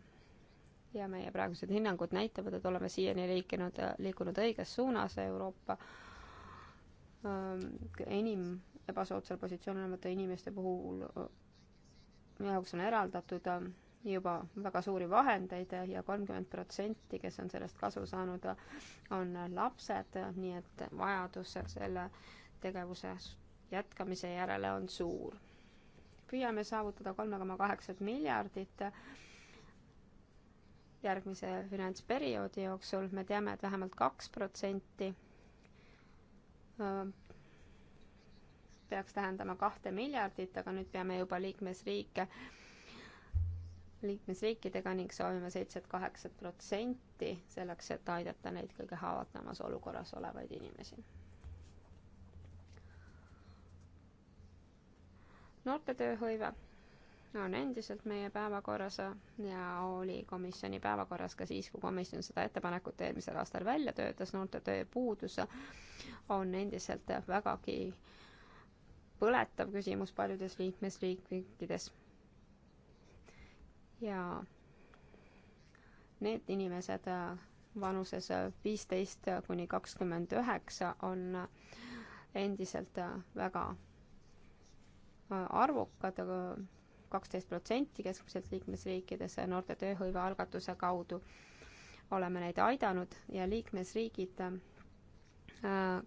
ja meie praegused hinnangud näitavad, et oleme siiani liikunud, liikunud õiges suunas Euroopa ähm, enim ebasoodsal positsioonil olevate inimeste puhul äh, jaoks on eraldatud äh, juba väga suuri vahendeid ja kolmkümmend protsenti, kes on sellest kasu saanud, on lapsed, nii et vajadus selle tegevuse jätkamise järele on suur. püüame saavutada kolme koma kaheksat miljardit järgmise finantsperioodi jooksul, me teame, et vähemalt kaks protsenti peaks tähendama kahte miljardit, aga nüüd peame juba liikmesriike, liikmesriikidega ning soovime seitset-kaheksat protsenti selleks, et aidata neid kõige haavatavamas olukorras olevaid inimesi. noorte tööhõive on endiselt meie päevakorras ja oli komisjoni päevakorras ka siis, kui komisjon seda ettepanekut eelmisel aastal välja töötas, noorte tööpuudus on endiselt vägagi põletav küsimus paljudes liikmesriikides. ja need inimesed äh, vanuses äh, viisteist kuni kakskümmend üheksa on äh, endiselt väga arvukad, aga kaksteist protsenti keskmiselt liikmesriikides noorte tööhõive algatuse kaudu. oleme neid aidanud ja liikmesriigid äh,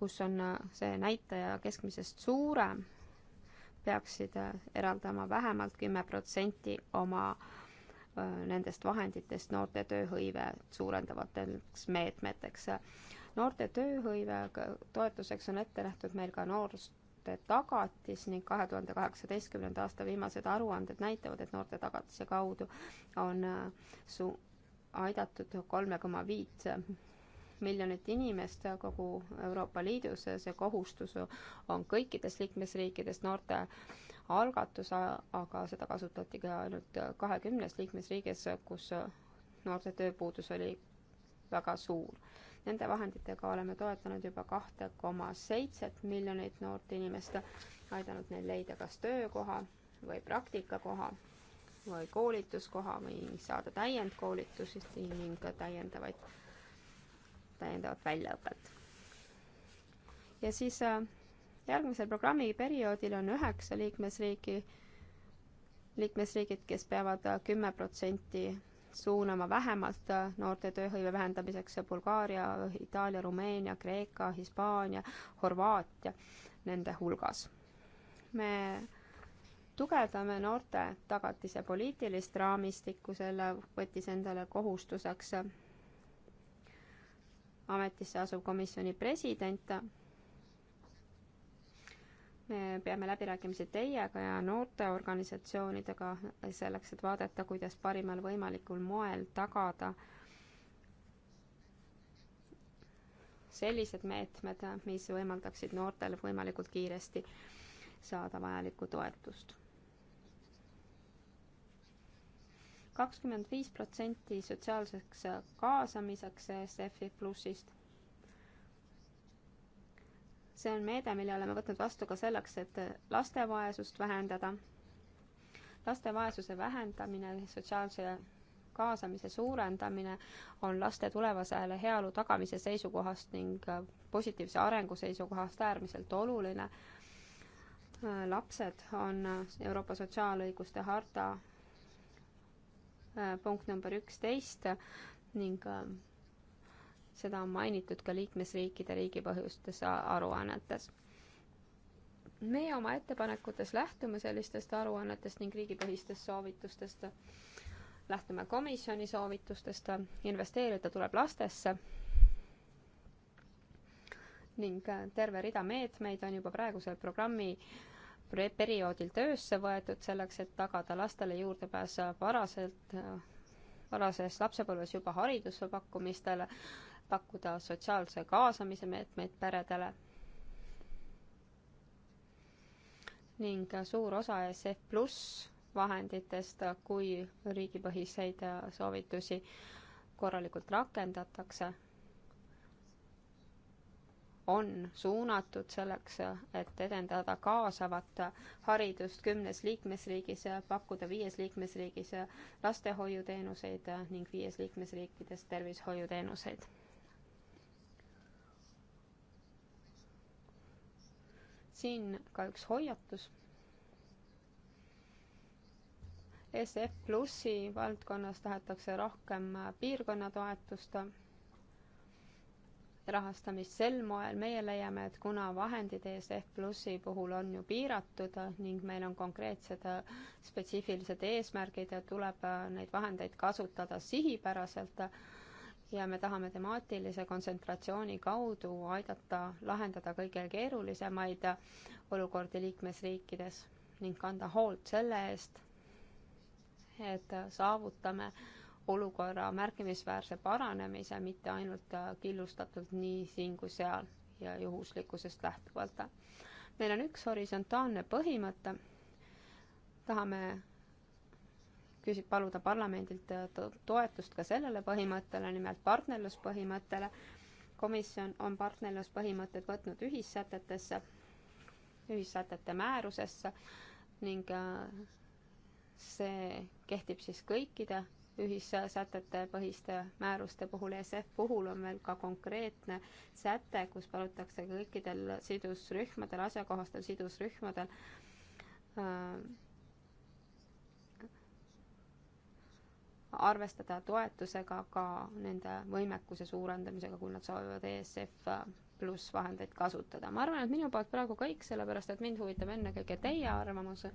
kus on äh, see näitaja keskmisest suurem, peaksid äh, eraldama vähemalt kümme protsenti oma nendest vahenditest noorte tööhõive suurendavateks meetmeteks noorte tööhõive toetuseks on ette nähtud meil ka noorte tagatis ning kahe tuhande kaheksateistkümnenda aasta viimased aruanded näitavad, et noorte tagatise kaudu on äh, su-, aidatud kolme koma viit miljonit inimest kogu Euroopa Liidus, see kohustus on kõikides liikmesriikides noorte algatus, aga seda kasutati ka ainult kahekümnes liikmesriigis, kus noorte tööpuudus oli väga suur Nende vahenditega oleme toetanud juba kahte koma seitset miljonit noort inimest, aidanud neil leida kas töökoha või praktikakoha või koolituskoha või saada täiendkoolitusest ning täiendavaid, täiendavat väljaõpet. ja siis äh, järgmisel programmiperioodil on üheksa liikmesriiki, liikmesriigid, kes peavad äh, kümme protsenti suunama vähemalt äh, noorte tööhõive vähendamiseks Bulgaaria, Itaalia, Rumeenia, Kreeka, Hispaania, Horvaatia nende hulgas. me tugevdame noorte tagatise poliitilist raamistikku, selle võttis endale kohustuseks ametisse asuv komisjoni president me peame läbirääkimisi teiega ja noorteorganisatsioonidega selleks, et vaadata, kuidas parimal võimalikul moel tagada sellised meetmed, mis võimaldaksid noortel võimalikult kiiresti saada vajalikku toetust. kakskümmend viis protsenti sotsiaalseks kaasamiseks ESF-i plussist see on meede, mille oleme võtnud vastu ka selleks, et laste vaesust vähendada. laste vaesuse vähendamine, sotsiaalse kaasamise suurendamine on laste tulevasele heaolu tagamise seisukohast ning positiivse arengu seisukohast äärmiselt oluline. lapsed on Euroopa sotsiaalõiguste harta äh, punkt number üksteist ning äh, seda on mainitud ka liikmesriikide riigipõhjustes aruannetes. meie oma ettepanekutes lähtume sellistest aruannetest ning riigipõhistest soovitustest, lähtume komisjoni soovitustest, investeerida tuleb lastesse ning äh, terve rida meetmeid on juba praegusel programmi perioodil töösse võetud selleks, et tagada lastele juurdepääs varaselt äh, varases lapsepõlves juba hariduse pakkumistele, pakkuda sotsiaalse kaasamise meetmeid peredele ning suur osa SF pluss vahenditest, kui riigipõhiseid soovitusi korralikult rakendatakse, on suunatud selleks, et edendada kaasavat haridust kümnes liikmesriigis, pakkuda viies liikmesriigis lastehoiuteenuseid ning viies liikmesriikides tervishoiuteenuseid. siin ka üks hoiatus. SF Plussi valdkonnas tahetakse rohkem piirkonnatoetust, rahastamist sel moel, meie leiame, et kuna vahendid ESF Plussi puhul on ju piiratud ning meil on konkreetsed äh, spetsiifilised eesmärgid ja tuleb äh, neid vahendeid kasutada sihipäraselt, ja me tahame temaatilise kontsentratsiooni kaudu aidata lahendada kõige keerulisemaid olukordi liikmesriikides ning kanda hoolt selle eest, et saavutame olukorra märkimisväärse paranemise, mitte ainult killustatult nii siin kui seal ja juhuslikkusest lähtuvalt. meil on üks horisontaalne põhimõte, tahame küsib, paluda parlamendilt äh, toetust ka sellele põhimõttele, nimelt partnerluspõhimõttele. komisjon on partnerluspõhimõtted võtnud ühissätetesse, ühissätete määrusesse ning äh, see kehtib siis kõikide ühissätete põhiste määruste puhul, ESF puhul on veel ka konkreetne säte, kus palutakse kõikidel sidusrühmadel, asjakohastel sidusrühmadel äh, arvestada toetusega ka nende võimekuse suurendamisega, kui nad soovivad ESF pluss vahendeid kasutada. ma arvan, et minu poolt praegu kõik, sellepärast et mind huvitab ennekõike teie arvamus,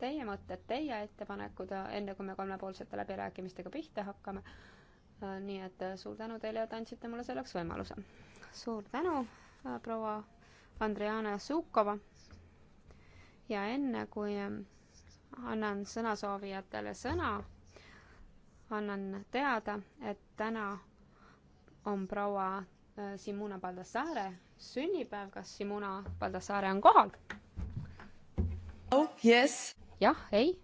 teie mõtted, teie ettepanekud, enne kui me kolmepoolsete läbirääkimistega pihta hakkame. nii et suur tänu teile, et andsite mulle selleks võimaluse. suur tänu, proua Andriana Sukova. ja enne, kui annan sõnasoovijatele sõna annan teada, et täna on proua äh, Simona Baldassare sünnipäev, kas Simona Baldassare on kohal oh,? Yes. jah, ei?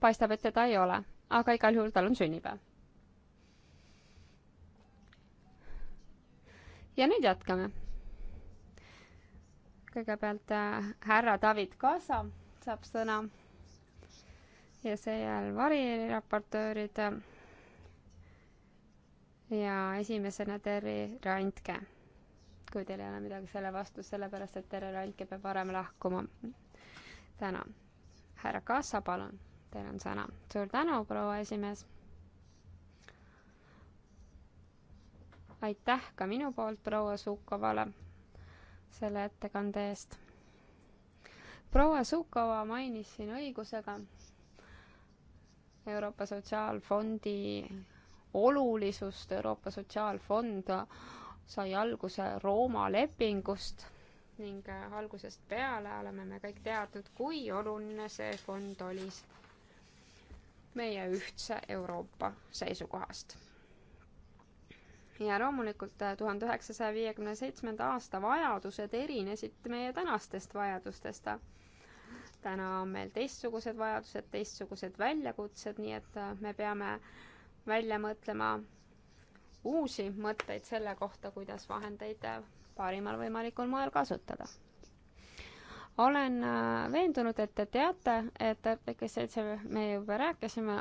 paistab, et teda ei ole, aga igal juhul tal on sünnipäev. ja nüüd jätkame. kõigepealt äh, härra David Kaasa saab sõna ja seejärel variraportöörid ja esimesena Terri Randke, kui teil ei ole midagi selle vastu, sellepärast et Terri Randke peab varem lahkuma. tänan. härra Kassa, palun, teil on sõna. suur tänu, proua esimees. aitäh ka minu poolt proua Sukovale selle ettekande eest proua Sukova mainis siin õigusega Euroopa Sotsiaalfondi olulisust, Euroopa Sotsiaalfond sai alguse Rooma lepingust ning äh, algusest peale oleme me kõik teadnud, kui oluline see fond oli meie ühtse Euroopa seisukohast. ja loomulikult äh, tuhande üheksasaja viiekümne seitsmenda aasta vajadused erinesid meie tänastest vajadustest täna on meil teistsugused vajadused, teistsugused väljakutsed, nii et äh, me peame välja mõtlema uusi mõtteid selle kohta, kuidas vahendeid äh, parimal võimalikul moel kasutada. olen äh, veendunud, et te teate, et artiklis seitse me juba rääkisime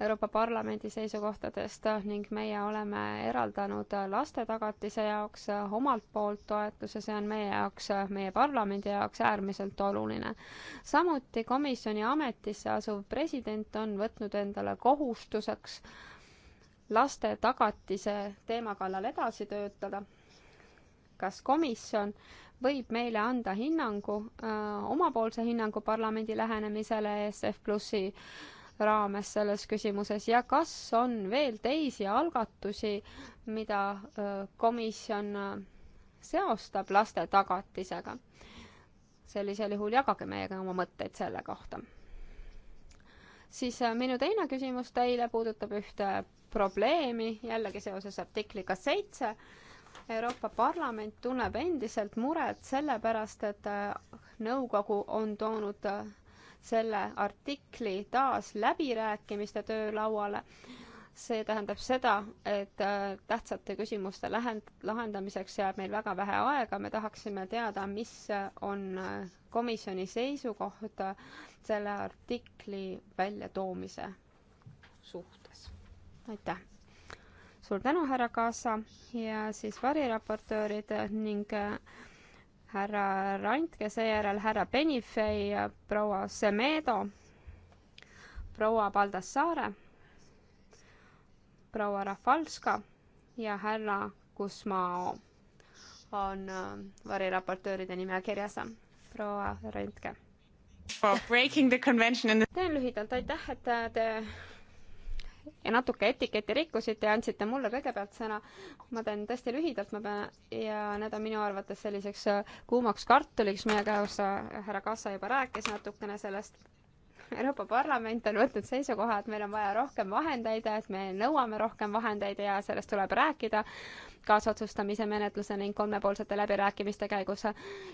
Euroopa Parlamendi seisukohtadest ning meie oleme eraldanud laste tagatise jaoks omalt poolt toetuse, see on meie jaoks, meie parlamendi jaoks äärmiselt oluline. samuti komisjoni ametisse asuv president on võtnud endale kohustuseks laste tagatise teema kallal edasi töötada. kas komisjon võib meile anda hinnangu, äh, omapoolse hinnangu parlamendi lähenemisele ESF Plussi äh, raames selles küsimuses ja kas on veel teisi algatusi, mida komisjon seostab laste tagatisega? sellisel juhul jagage meiega oma mõtteid selle kohta. siis minu teine küsimus teile puudutab ühte probleemi, jällegi seoses artikliga seitse. Euroopa Parlament tunneb endiselt muret selle pärast, et nõukogu on toonud selle artikli taas läbirääkimiste töölauale. see tähendab seda, et äh, tähtsate küsimuste lähend-, lahendamiseks jääb meil väga vähe aega, me tahaksime teada, mis on äh, komisjoni seisukoht äh, selle artikli väljatoomise suhtes. aitäh! suur tänu, härra Kaasa ja siis variraportöörid ning härra Randke, seejärel härra Benifei ja proua Semedo, proua Paldassaare, proua Rafalska ja härra Kusmao on äh, variraportööride nimekirjas. proua Randke. teen lühidalt, aitäh, et äh, te ja natuke etiketi rikkusite ja andsite mulle kõigepealt sõna. ma teen tõesti lühidalt, ma pean ja need on minu arvates selliseks äh, kuumaks kartuliks, meie käes äh, härra Kassa juba rääkis natukene sellest. Euroopa Parlament on võtnud seisukoha, et meil on vaja rohkem vahendeid ja et me nõuame rohkem vahendeid ja sellest tuleb rääkida kaasotsustamise menetluse ning kolmepoolsete läbirääkimiste käigus.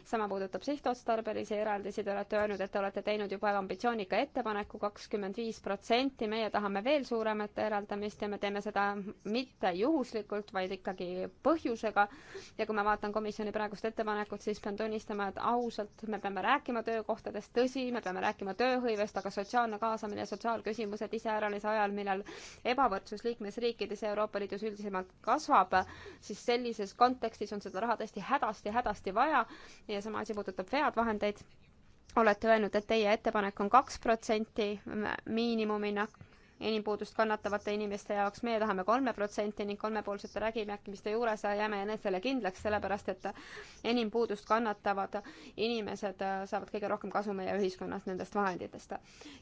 sama puudutab sihtotstarbelisi eraldisi, te olete öelnud, et te olete teinud juba ambitsioonika ettepaneku, kakskümmend viis protsenti, meie tahame veel suuremat eraldamist ja me teeme seda mitte juhuslikult, vaid ikkagi põhjusega. ja kui ma vaatan komisjoni praegust ettepanekut, siis pean tunnistama, et ausalt, me peame rääkima töökohtadest, tõsi, me peame rääkima tööhõivest, aga sotsiaalne kaasamine ja sotsiaalküsimused iseäranis ajal, millal ebavõrdsus liikmesriikides ja Euroopa Liidus üldisemalt kasvab, siis sellises kontekstis on seda raha tõesti hädasti-hädasti vaja ja sama asi puudutab vead vahendeid. olete öelnud, et teie ettepanek on kaks protsenti miinimumina inimpuudust kannatavate inimeste jaoks, meie tahame kolme protsenti ning kolmepoolsete läbirääkimiste juures jääme enesele kindlaks, sellepärast et enim puudust kannatavad inimesed saavad kõige rohkem kasu meie ühiskonnas nendest vahenditest.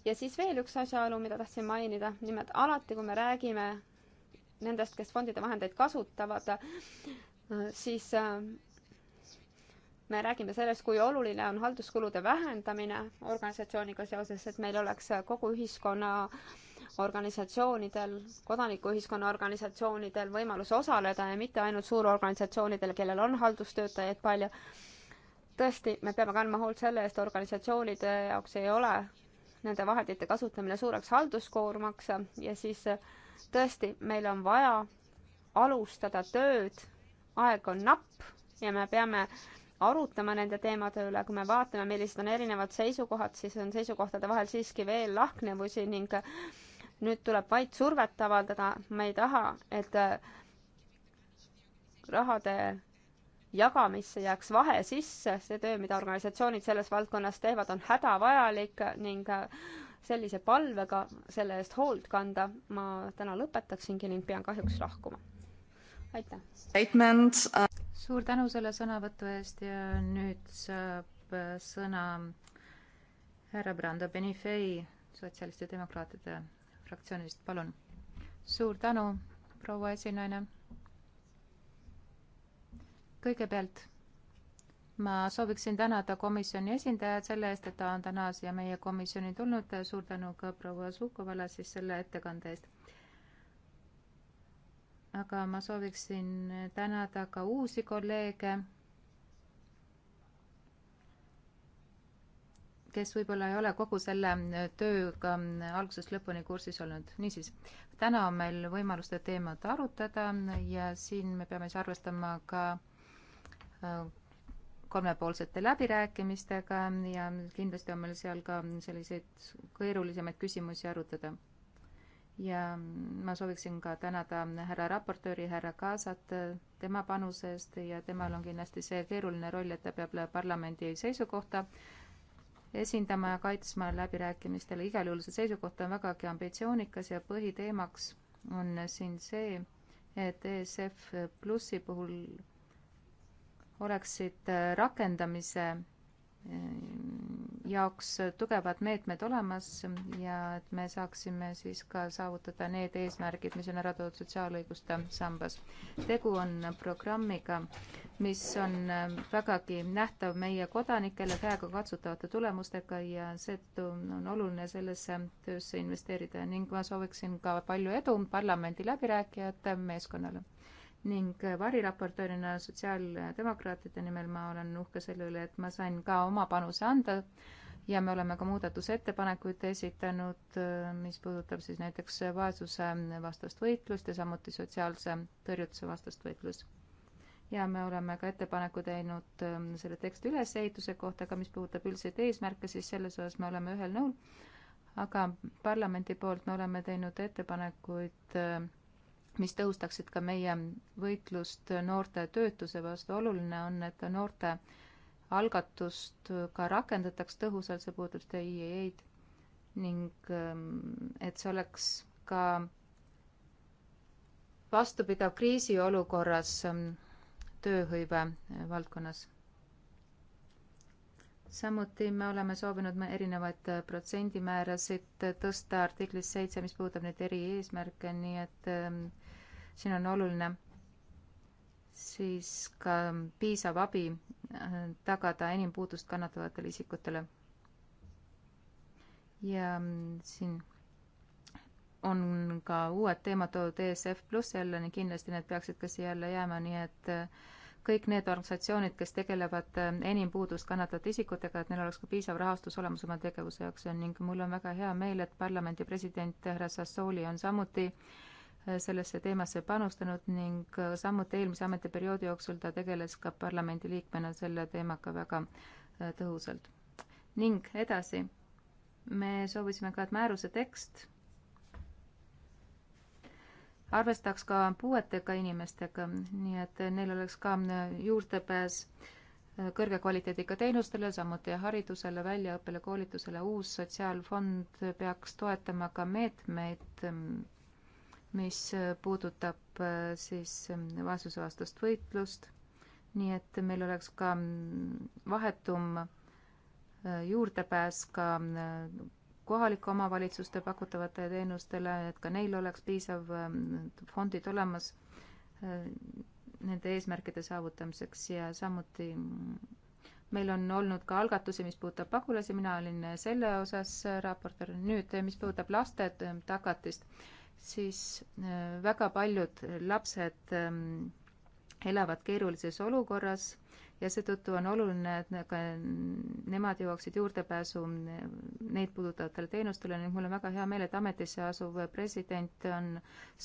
ja siis veel üks asjaolu, mida tahtsin mainida, nimelt alati, kui me räägime nendest, kes fondide vahendeid kasutavad, siis äh, me räägime sellest, kui oluline on halduskulude vähendamine organisatsiooniga seoses, et meil oleks kogu ühiskonna organisatsioonidel, kodanikuühiskonna organisatsioonidel võimalus osaleda ja mitte ainult suurorganisatsioonidel, kellel on haldustöötajaid palju. tõesti, me peame kandma hoolt selle eest, organisatsioonide jaoks ei ole nende vahendite kasutamine suureks halduskoormaks ja siis äh, tõesti, meil on vaja alustada tööd, aeg on napp ja me peame arutama nende teemade üle, kui me vaatame, millised on erinevad seisukohad, siis on seisukohtade vahel siiski veel lahknevusi ning nüüd tuleb vaid survet avaldada, ma ei taha, et rahade jagamisse jääks vahe sisse, see töö, mida organisatsioonid selles valdkonnas teevad, on hädavajalik ning sellise palvega selle eest hoolt kanda. ma täna lõpetaksingi ning pean kahjuks lahkuma. aitäh! Äh, suur tänu selle sõnavõtu eest ja nüüd saab äh, sõna härra Brando Benifei sotsialistide demokraatide fraktsioonist, palun. suur tänu, proua esinaine. kõigepealt ma sooviksin tänada komisjoni esindajat selle eest, et ta on täna siia meie komisjoni tulnud. suur tänu ka proua Sukovale siis selle ettekande eest. aga ma sooviksin tänada ka uusi kolleege, kes võib-olla ei ole kogu selle tööga algusest lõpuni kursis olnud. niisiis, täna on meil võimalus seda teemat arutada ja siin me peame siis arvestama ka äh, kolmepoolsete läbirääkimistega ja kindlasti on meil seal ka selliseid keerulisemaid küsimusi arutada. ja ma sooviksin ka tänada härra raportööri, härra Kaasat tema panuse eest ja temal on kindlasti see keeruline roll, et ta peab parlamendi seisukohta esindama ja kaitsma läbirääkimistele. igal juhul see seisukoht on vägagi ambitsioonikas ja põhiteemaks on siin see, et ESF Plussi puhul oleksid äh, rakendamise äh, jaoks tugevad meetmed olemas ja et me saaksime siis ka saavutada need eesmärgid, mis on ära toodud sotsiaalõiguste sambas. tegu on programmiga, mis on äh, vägagi nähtav meie kodanikele käegakatsutavate tulemustega ja seetõttu on oluline sellesse töösse investeerida ning ma sooviksin ka palju edu parlamendi läbirääkijate meeskonnale ning variraportöörina sotsiaaldemokraatide nimel ma olen uhke selle üle, et ma sain ka oma panuse anda ja me oleme ka muudatusettepanekuid esitanud, mis puudutab siis näiteks vaesuse vastast võitlust ja samuti sotsiaalse tõrjutuse vastast võitlust. ja me oleme ka ettepaneku teinud ähm, selle teksti ülesehituse kohta, aga mis puudutab üldiseid eesmärke, siis selles osas me oleme ühel nõul, aga parlamendi poolt me oleme teinud ettepanekuid et ähm, mis tõhustaksid ka meie võitlust noorte töötuse vastu. oluline on, et noorte algatust ka rakendataks tõhusalt, see puudutab seda IEA-d ning ähm, et see oleks ka vastupidav kriisiolukorras ähm, tööhõive äh, valdkonnas. samuti me oleme soovinud erinevaid äh, protsendimäärasid tõsta artiklis seitse, mis puudutab neid erieesmärke, nii et ähm, siin on oluline siis ka piisav abi äh, tagada enim puudust kannatavatele isikutele. ja mm, siin on ka uued teemad toodud ESF pluss jälle, nii kindlasti need peaksid ka siia jälle jääma, nii et äh, kõik need organisatsioonid, kes tegelevad äh, enim puudust kannatavate isikutega, et neil oleks ka piisav rahastus olemas oma tegevuse jaoks ning mul on väga hea meel, et parlamendi president härra Sassooli on samuti äh, Äh, sellesse teemasse panustanud ning äh, samuti eelmise ametiperioodi jooksul ta tegeles ka parlamendiliikmena selle teemaga väga äh, tõhusalt. ning edasi, me soovisime ka, et määruse tekst arvestaks ka puuetega inimestega, nii et neil oleks ka juurdepääs kõrge kvaliteediga teenustele, samuti haridusele, väljaõppele, koolitusele. uus sotsiaalfond peaks toetama ka meetmeid meet mm, mis äh, puudutab äh, siis ähm, vaesusevastast võitlust, nii et meil oleks ka mm, vahetum äh, juurdepääs ka kohalike omavalitsuste pakutavate teenustele, et ka neil oleks piisav ähm, fondid olemas nende eesmärkide saavutamiseks ja samuti mm, meil on olnud ka algatusi, mis puudutab pagulasi, mina olin selle osas raportöör. nüüd, mis puudutab laste tagatist, siis äh, väga paljud lapsed ähm, elavad keerulises olukorras ja seetõttu on oluline, et ka nemad jõuaksid juurdepääsu äh, neid puudutavatele teenustele ning mul on väga hea meel, et ametisse asuv president on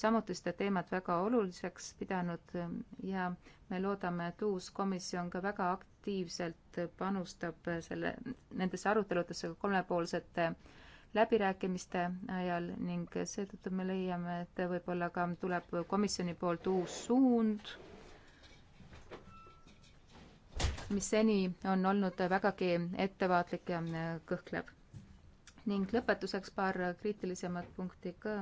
samuti seda teemat väga oluliseks pidanud ähm, ja me loodame, et uus komisjon ka väga aktiivselt panustab äh, selle, nendesse aruteludesse kolmepoolsete äh, läbirääkimiste ajal ning seetõttu me leiame, et võib-olla ka tuleb komisjoni poolt uus suund, mis seni on olnud vägagi ettevaatlik ja kõhklev. ning lõpetuseks paar kriitilisemat punkti ka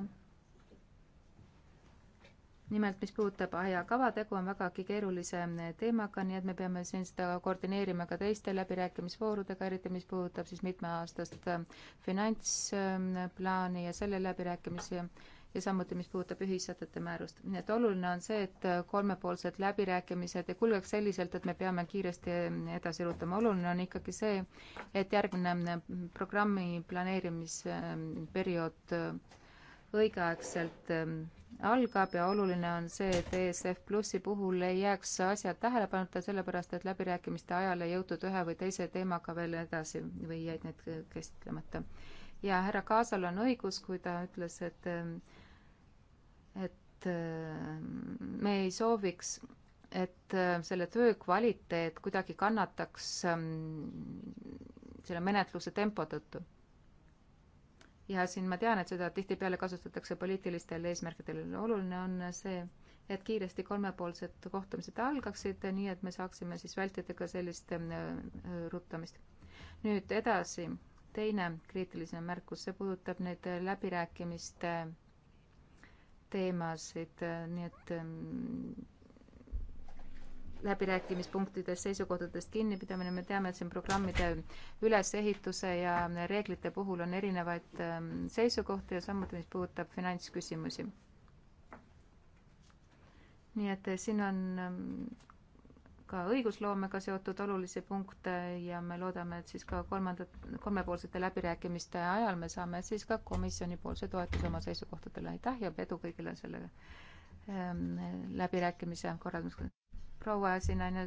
nimelt, mis puudutab ajakava, tegu on vägagi keerulise teemaga, nii et me peame siin seda koordineerima ka teiste läbirääkimisvoorudega, eriti mis puudutab siis mitmeaastast äh, finantsplaani äh, ja selle läbirääkimisi ja samuti, mis puudutab ühissätete määrust. nii et oluline on see, et äh, kolmepoolsed läbirääkimised ei kulgeks selliselt, et me peame kiiresti edasi rutama. oluline on ikkagi see, et järgmine programmi planeerimisperiood õigeaegselt algab ja oluline on see, et ESF Plussi puhul ei jääks asjad tähelepanuta, sellepärast et läbirääkimiste ajal ei jõutud ühe või teise teemaga veel edasi või jäid need käsitlemata. ja härra Kaasal on õigus, kui ta ütles, et, et me ei sooviks, et selle töö kvaliteet kuidagi kannataks selle menetluse tempo tõttu ja siin ma tean, et seda tihtipeale kasutatakse poliitilistel eesmärkidel. oluline on see, et kiiresti kolmepoolsed kohtumised algaksid, nii et me saaksime siis vältida ka sellist äh, äh, ruttamist. nüüd edasi, teine kriitilisem märkus, see puudutab nüüd läbirääkimiste teemasid, nii et ähm, läbirääkimispunktidest, seisukohtadest kinnipidamine, me teame, et siin programmide ülesehituse ja reeglite puhul on erinevaid ähm, seisukohti ja samuti, mis puudutab finantsküsimusi. nii et äh, siin on ähm, ka õigusloomega seotud olulisi punkte ja me loodame, et siis ka kolmandat, kolmepoolsete läbirääkimiste ajal me saame siis ka komisjonipoolse toetuse oma seisukohtadele. aitäh ja edu kõigile selle ähm, läbirääkimise korraldamisega proua esinaine,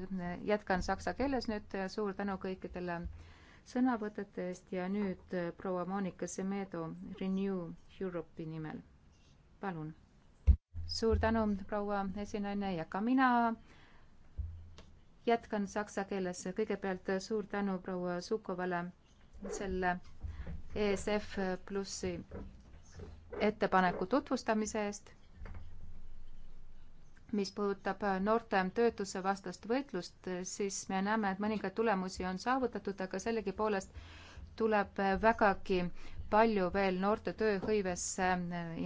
jätkan saksa keeles nüüd, suur tänu kõikidele sõnavõtete eest ja nüüd eh, proua Monika Semedo Renew Europe'i nimel, palun. suur tänu, proua esinaine ja ka mina jätkan saksa keeles, kõigepealt eh, suur tänu proua Sukovale selle ESF Plussi ettepaneku tutvustamise eest mis puudutab äh, noorte töötuse vastast võitlust, äh, siis me näeme, et mõningaid tulemusi on saavutatud, aga sellegipoolest tuleb äh, vägagi palju veel noorte tööhõivesse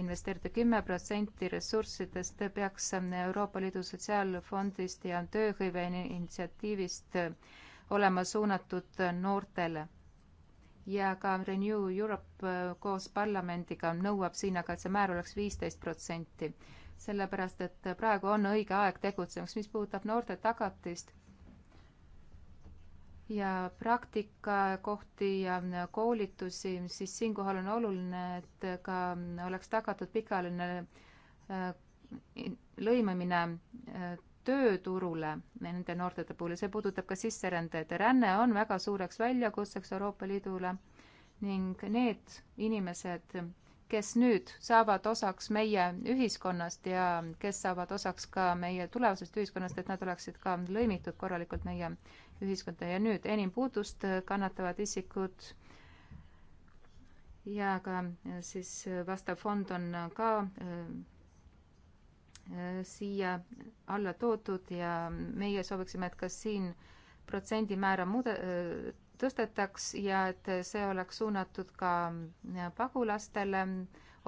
investeerida. kümme protsenti ressurssidest peaks Euroopa Liidu Sotsiaalfondist ja tööhõive initsiatiivist olema suunatud noortele. ja ka Renew Europe koos parlamendiga nõuab siin aga, et see määr oleks viisteist protsenti sellepärast et praegu on õige aeg tegutsemaks, mis puudutab noorte tagatist ja praktikakohti ja koolitusi, siis siinkohal on oluline, et ka oleks tagatud pikaajaline äh, lõimimine äh, tööturule nende noortede puhul ja see puudutab ka sisserändajaid. ränne on väga suureks väljakutseks Euroopa Liidule ning need inimesed, kes nüüd saavad osaks meie ühiskonnast ja kes saavad osaks ka meie tulevasest ühiskonnast, et nad oleksid ka lõimitud korralikult meie ühiskonda ja nüüd enim puudust kannatavad isikud ja ka siis vastav fond on ka äh, siia alla toodud ja meie sooviksime, et ka siin protsendimäära muude-, tõstetaks ja et see oleks suunatud ka pagulastele.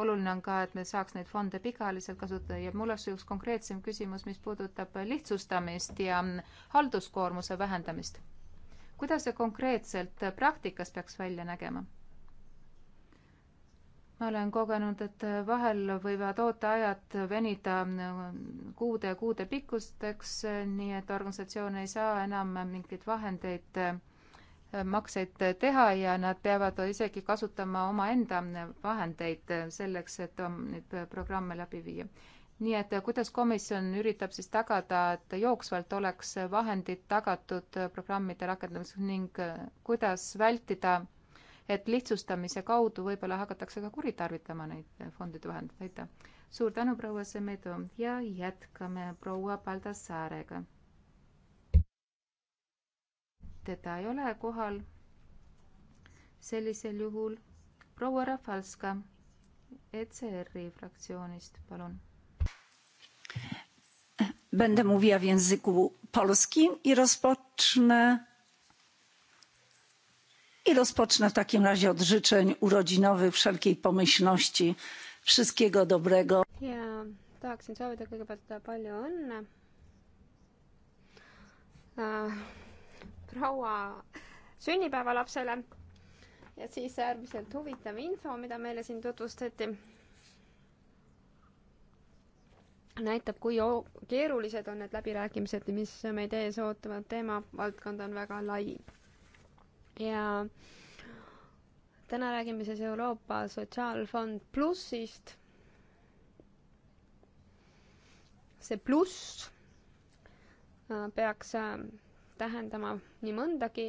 oluline on ka, et me saaks neid fonde pikaajaliselt kasutada ja mul oleks üks konkreetsem küsimus, mis puudutab lihtsustamist ja halduskoormuse vähendamist. kuidas see konkreetselt praktikas peaks välja nägema? ma olen kogenud, et vahel võivad ooteajad venida kuude ja kuude pikkusteks, nii et organisatsioon ei saa enam mingeid vahendeid makseid teha ja nad peavad isegi kasutama omaenda vahendeid selleks, et neid programme läbi viia. nii et kuidas komisjon üritab siis tagada, et jooksvalt oleks vahendid tagatud programmide rakendamiseks ning kuidas vältida, et lihtsustamise kaudu võib-olla hakatakse ka kuritarvitama neid fondide vahendeid, aitäh. suur tänu, proua Semedo ja jätkame proua Paldassaarega teda ei ole kohal. sellisel juhul proua Rafalska ECR-i fraktsioonist, palun. Będę mówiła w języku polskim i rozpocznę i rozpocznę w takim razie od życzeń urodzinowych, wszelkiej pomyślności, wszystkiego dobrego. Ja tahaksin soovida kõigepealt palju õnne proua sünnipäevalapsele. ja siis äärmiselt huvitav info, mida meile siin tutvustati. näitab, kui keerulised on need läbirääkimised, mis meid ees ootavad. teemavaldkond on väga lai. ja täna räägime siis Euroopa Sotsiaalfond plussist. see pluss äh, peaks äh, tähendama nii mõndagi.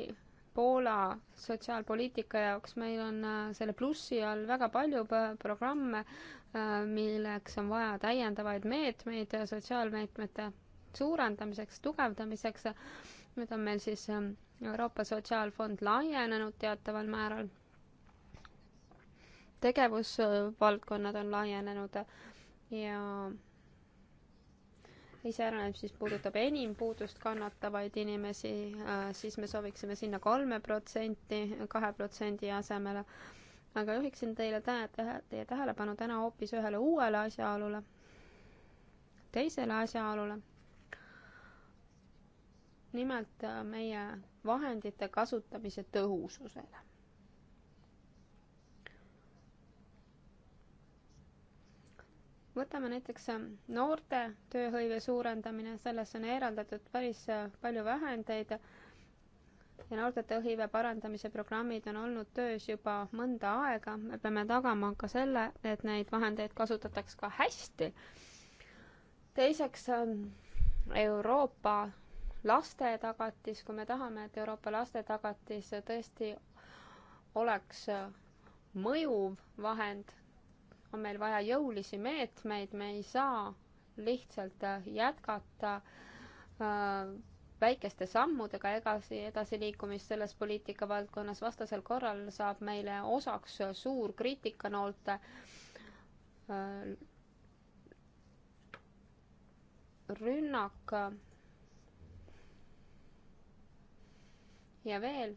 Poola sotsiaalpoliitika jaoks meil on äh, selle plussi all väga palju programme, äh, milleks on vaja täiendavaid meetmeid sotsiaalmeetmete suurendamiseks, tugevdamiseks. nüüd on meil siis ähm, Euroopa Sotsiaalfond laienenud teataval määral. tegevusvaldkonnad on laienenud ja iseäranis, mis puudutab enim puudust kannatavaid inimesi, äh, siis me sooviksime sinna kolme protsenti, kahe protsendi asemele. aga juhiksin teile tä-, teie tähelepanu täna hoopis ühele uuele asjaolule, teisele asjaolule. nimelt äh, meie vahendite kasutamise tõhususele võtame näiteks äh, noorte tööhõive suurendamine, sellesse on eraldatud päris äh, palju vahendeid ja noorte tööhõive parandamise programmid on olnud töös juba mõnda aega. me peame tagama ka selle, et neid vahendeid kasutataks ka hästi. teiseks on Euroopa lastetagatis, kui me tahame, et Euroopa lastetagatis tõesti oleks äh, mõjuv vahend on meil vaja jõulisi meetmeid, me ei saa lihtsalt äh, jätkata äh, väikeste sammudega edasi, edasiliikumist selles poliitikavaldkonnas, vastasel korral saab meile osaks suur kriitikanoolte äh, rünnak ja veel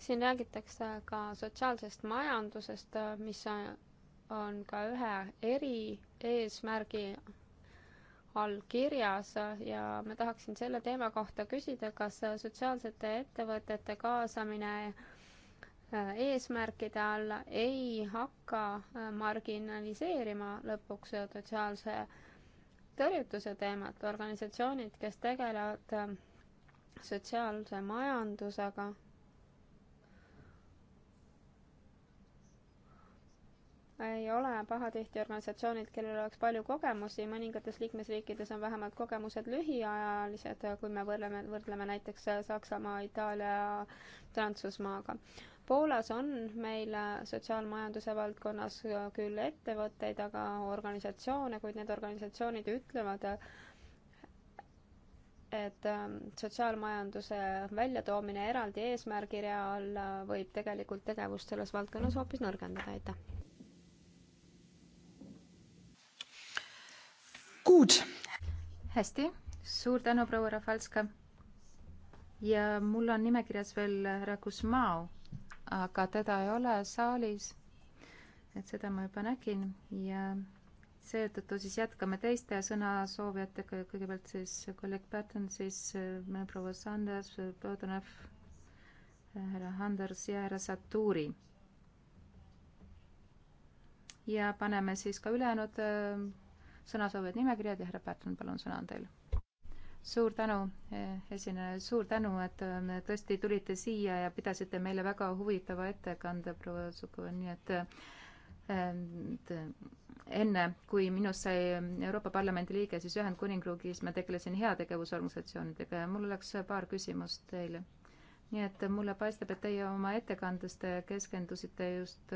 siin räägitakse ka sotsiaalsest majandusest, mis on ka ühe erieesmärgi all kirjas ja ma tahaksin selle teema kohta küsida, kas sotsiaalsete ettevõtete kaasamine äh, eesmärkide alla ei hakka äh, marginaliseerima lõpuks sotsiaalse tõrjutuse teemat, organisatsioonid, kes tegelevad äh, sotsiaalse majandusega ei ole pahatihti organisatsioonid, kellel oleks palju kogemusi, mõningates liikmesriikides on vähemalt kogemused lühiajalised, kui me võrdleme, võrdleme näiteks Saksamaa, Itaalia, Prantsusmaaga. Poolas on meil sotsiaalmajanduse valdkonnas küll ettevõtteid, aga organisatsioone, kuid need organisatsioonid ütlevad, et ähm, sotsiaalmajanduse väljatoomine eraldi eesmärgirea alla võib tegelikult tegevust selles valdkonnas hoopis nõrgendada, aitäh! hästi, suur tänu, proua Rafalska. ja mul on nimekirjas veel härra Kusmao, aga teda ei ole saalis. et seda ma juba nägin ja seetõttu siis jätkame teiste sõnasoovijatega ja kõigepealt siis kolleeg Patten, siis äh, proua Sanders, Bodonev, härra Anders ja härra Saturi. ja paneme siis ka ülejäänud äh, sõnasoovijad nimekirjad ja härra Pärtel, palun, sõna on teil. suur tänu, eh, esineja, suur tänu, et eh, tõesti tulite siia ja pidasite meile väga huvitava ettekande, proua Zukova, nii et eh, et enne, kui minust sai Euroopa Parlamendi liige, siis Ühendkuningriigis ma tegelesin heategevusorganisatsioonidega ja mul oleks paar küsimust teile. nii et mulle paistab, et teie oma ettekandes te keskendusite just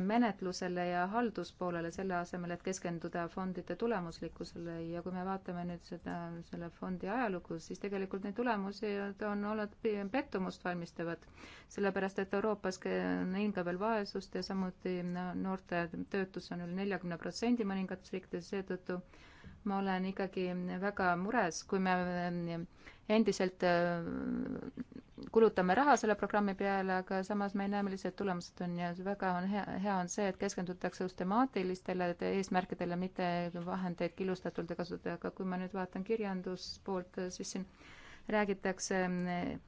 menetlusele ja halduspoolele, selle asemel, et keskenduda fondide tulemuslikkusele ja kui me vaatame nüüd seda, selle fondi ajalugu, siis tegelikult neid tulemusi on olnud pettumust valmistavad, sellepärast et Euroopas on hingabel vaesust ja samuti noorte töötus on üle neljakümne protsendi mõningates riikides, seetõttu ma olen ikkagi väga mures, kui me mm, endiselt mm, kulutame raha selle programmi peale, aga samas me ei näe, millised tulemused on ja väga on hea, hea on see, et keskendutakse just temaatilistele eesmärkidele, mitte vahendeid killustatult ei kasuta, aga kui ma nüüd vaatan kirjandus poolt, siis siin räägitakse mm,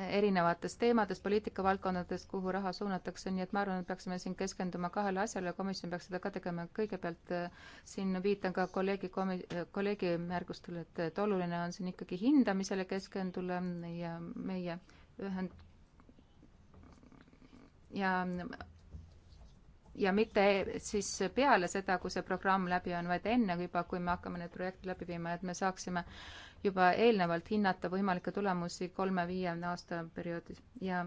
erinevatest teemadest, poliitikavaldkondadest, kuhu raha suunatakse, nii et ma arvan, et peaksime siin keskenduma kahele asjale, komisjon peaks seda ka tegema. kõigepealt äh, siin viitan ka kolleegi komi-, äh, kolleegi märgustele, et, et oluline on siin ikkagi hindamisele keskendule ja meie ühend- ja ja mitte siis peale seda, kui see programm läbi on, vaid enne juba, kui me hakkame neid projekte läbi viima, et me saaksime juba eelnevalt hinnata võimalikke tulemusi kolme-viie aasta perioodis ja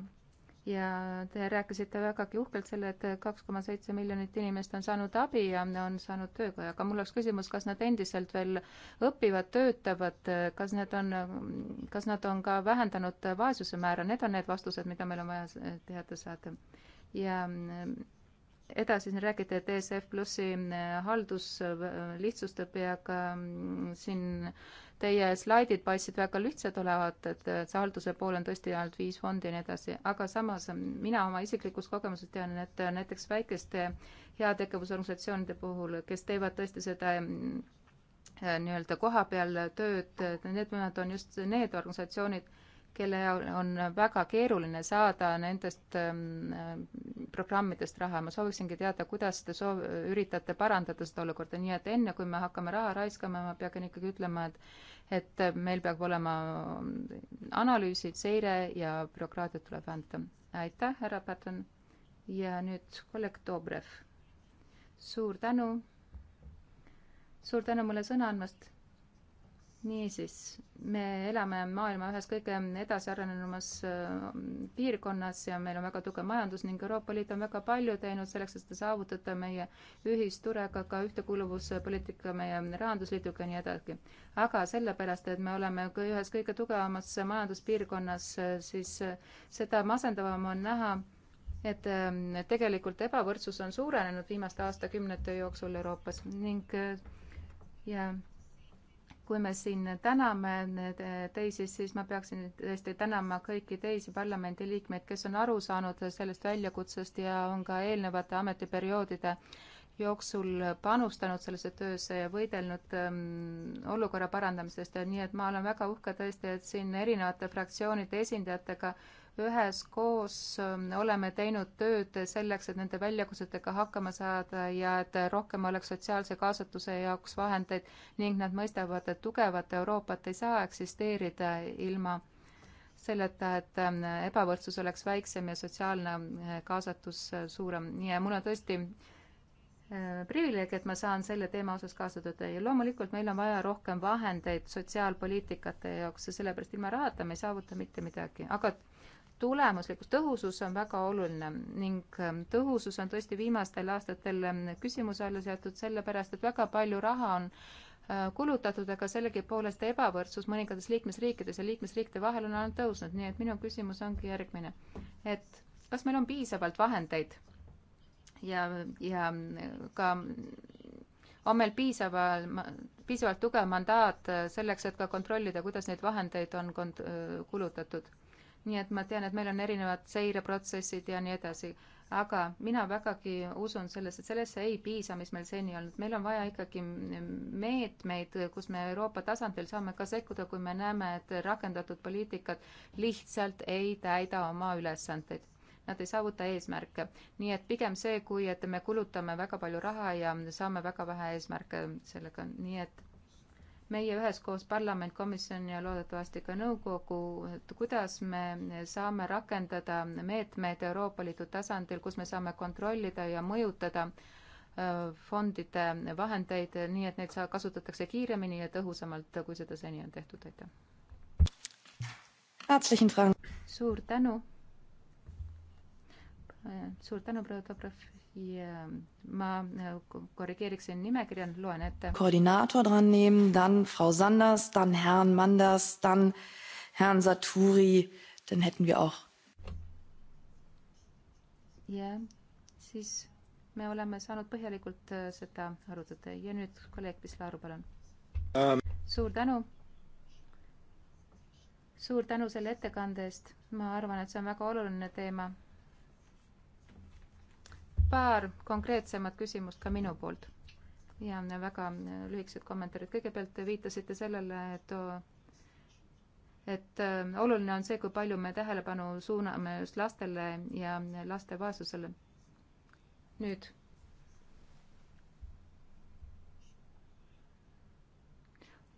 ja te rääkisite vägagi uhkelt selle, et kaks koma seitse miljonit inimest on saanud abi ja on saanud tööga, aga mul oleks küsimus, kas nad endiselt veel õpivad, töötavad, kas need on, kas nad on ka vähendanud vaesuse määra, need on need vastused, mida meil on vaja teada saada. ja edasi siin räägiti, et ESF Plussi äh, haldus äh, lihtsustab ja ka mm, siin teie slaidid paistsid väga lihtsad olevat, et see halduse pool on tõesti ainult viis fondi ja nii edasi, aga samas äh, mina oma isiklikust kogemusest tean, et näiteks väikeste heategevusorganisatsioonide puhul, kes teevad tõesti seda mm, nii-öelda kohapeal tööd, need mõned on just need organisatsioonid, kelle on väga keeruline saada nendest ähm, programmidest raha. ma sooviksingi teada, kuidas te soov-, üritate parandada seda olukorda, nii et enne, kui me hakkame raha raiskama, ma pean ikkagi ütlema, et et meil peab olema ähm, analüüsid, seire ja bürokraatiat tuleb vähendada. aitäh, härra Patton. ja nüüd kolleeg Dobrev. suur tänu. suur tänu mulle sõna andmast niisiis, me elame maailma ühes kõige edasiarenenumas äh, piirkonnas ja meil on väga tugev majandus ning Euroopa Liit on väga palju teinud selleks, et saavutada meie ühisturega ka ühtekuuluvuspoliitika, meie rahandusliiduga ja nii edasi. aga sellepärast, et me oleme ühes kõige tugevamas majanduspiirkonnas, siis äh, seda masendavam on näha, et äh, tegelikult ebavõrdsus on suurenenud viimaste aastakümnete jooksul Euroopas ning ja yeah kui me siin täname eh, teisi, siis ma peaksin tõesti tänama kõiki teisi parlamendiliikmeid, kes on aru saanud sellest väljakutsest ja on ka eelnevate ametiperioodide jooksul panustanud sellesse töösse ja võidelnud ähm, olukorra parandamisest, nii et ma olen väga uhke tõesti, et siin erinevate fraktsioonide esindajatega üheskoos ähm, oleme teinud tööd selleks, et nende väljakutsetega hakkama saada ja et rohkem oleks sotsiaalse kaasatuse jaoks vahendeid ning nad mõistavad, et tugevat Euroopat ei saa eksisteerida ilma selleta, et ähm, ebavõrdsus oleks väiksem ja sotsiaalne äh, kaasatus äh, suurem. ja mul on tõesti äh, privileeg, et ma saan selle teema osas kaasa töötada ja loomulikult meil on vaja rohkem vahendeid sotsiaalpoliitikate jaoks ja sellepärast ilma rahata me ei saavuta mitte midagi, aga tulemuslikkus, tõhusus on väga oluline ning ähm, tõhusus on tõesti viimastel aastatel ähm, küsimuse alla seatud sellepärast, et väga palju raha on äh, kulutatud, aga sellegipoolest ebavõrdsus mõningates liikmesriikides ja liikmesriikide vahel on ainult tõusnud, nii et minu küsimus ongi järgmine. et kas meil on piisavalt vahendeid ja, ja äh, ka on meil piisaval, piisavalt tugev mandaat äh, selleks, et ka kontrollida, kuidas neid vahendeid on kont-, kulutatud? nii et ma tean, et meil on erinevad seireprotsessid ja nii edasi. aga mina vägagi usun sellesse, et sellesse ei piisa, mis meil seni olnud, meil on vaja ikkagi meetmeid, kus me Euroopa tasandil saame ka sekkuda, kui me näeme, et rakendatud poliitikad lihtsalt ei täida oma ülesandeid nad ei saavuta eesmärke. nii et pigem see, kui et me kulutame väga palju raha ja saame väga vähe eesmärke sellega, nii et meie üheskoos parlament, komisjon ja loodetavasti ka nõukogu, et kuidas me saame rakendada meetmeid Euroopa Liidu tasandil, kus me saame kontrollida ja mõjutada äh, fondide vahendeid, nii et neid saa-, kasutatakse kiiremini ja tõhusamalt, kui seda seni on tehtud, aitäh. suur tänu. Äh, suur tänu, proua Dobrev ja ma äh, korrigeeriksin nimekirja, loen ette. koordinaator dran nehmen, dann Frau Sanders, dann Herrn Manders, dann Herrn Saturi, dann hätten wir auch. ja siis me oleme saanud põhjalikult äh, seda arutada ja nüüd kolleeg Pislaru, palun um.. suur tänu. suur tänu selle ettekande eest, ma arvan, et see on väga oluline teema paar konkreetsemat küsimust ka minu poolt ja väga lühikesed kommentaarid. kõigepealt te viitasite sellele, et et äh, oluline on see, kui palju me tähelepanu suuname just lastele ja laste vaesusele. nüüd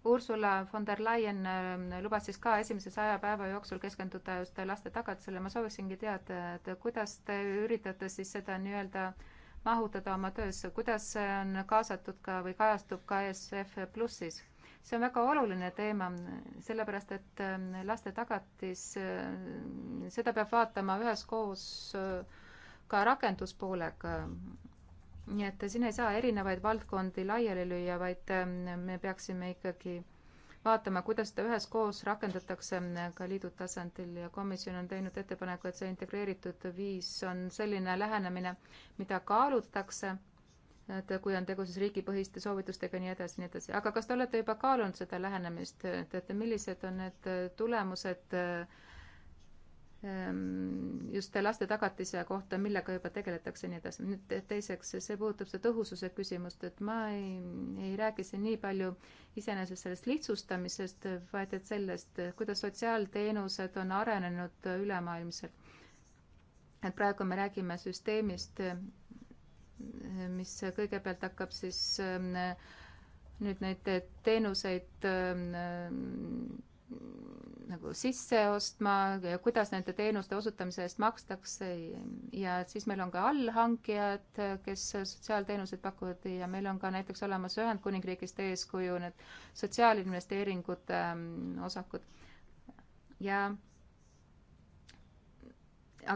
Ursula von der Leyen ähm, lubas siis ka esimese saja päeva jooksul keskenduda just laste tagatisele. ma sooviksingi teada, et kuidas te üritate siis seda nii-öelda mahutada oma töös, kuidas see on kaasatud ka või kajastub ka ESF Plussis? see on väga oluline teema, sellepärast et ähm, laste tagatis, äh, seda peab vaatama üheskoos äh, ka rakenduspoolega nii et siin ei saa erinevaid valdkondi laiali lüüa, vaid ähm, me peaksime ikkagi vaatama, kuidas seda üheskoos rakendatakse ähm, ka liidu tasandil ja komisjon on teinud ettepaneku, et see integreeritud viis on selline lähenemine, mida kaalutakse, et kui on tegu siis riigipõhiste soovitustega ja nii edasi, nii edasi. aga kas te olete juba kaalunud seda lähenemist, et, et millised on need tulemused äh, Ehm, just laste tagatise kohta, millega juba tegeletakse ja nii edasi. nüüd teiseks, see puudutab seda tõhususe küsimust, et ma ei, ei räägi siin nii palju iseenesest sellest lihtsustamisest, vaid et sellest, kuidas sotsiaalteenused on arenenud ülemaailmselt. et praegu me räägime süsteemist, mis kõigepealt hakkab siis ehm, nüüd neid teenuseid ehm, nagu sisse ostma, kuidas nende teenuste osutamise eest makstakse ja siis meil on ka allhankijad, kes sotsiaalteenuseid pakuvad ja meil on ka näiteks olemas Ühendkuningriigist eeskuju need sotsiaalinvesteeringute mm, osakud. ja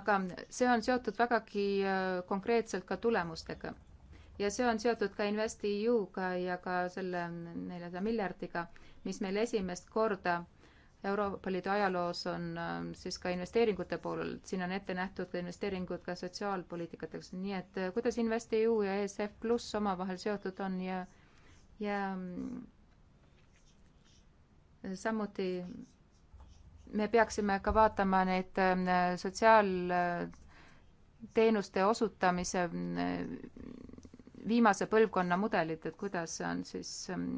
aga see on seotud vägagi äh, konkreetselt ka tulemustega. ja see on seotud ka InvestEU-ga ja ka selle neljasaja miljardiga, mis meil esimest korda Euroopa Liidu ajaloos on ähm, siis ka investeeringute poolel, siin on ette nähtud ka investeeringud ka sotsiaalpoliitikateks, nii et äh, kuidas InvestEU ja ESF pluss omavahel seotud on ja, ja mm, samuti me peaksime ka vaatama neid äh, sotsiaalteenuste äh, osutamise mm, viimase põlvkonna mudelit, et kuidas see on siis ähm,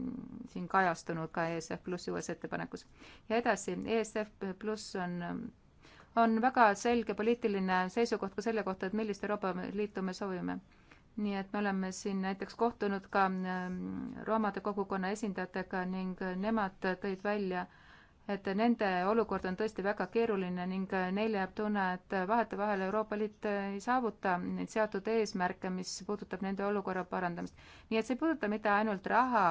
siin kajastunud ka ESF pluss uues ettepanekus. ja edasi, ESF pluss on, ähm, on väga selge poliitiline seisukoht ka selle kohta, et millist Euroopa Liitu me soovime. nii et me oleme siin näiteks kohtunud ka ähm, roomade kogukonna esindajatega ning äh, nemad tõid välja äh, et nende olukord on tõesti väga keeruline ning neile jääb tunne, et vahetevahel Euroopa Liit ei saavuta neid seatud eesmärke, mis puudutab nende olukorra parandamist. nii et see ei puuduta mitte ainult raha,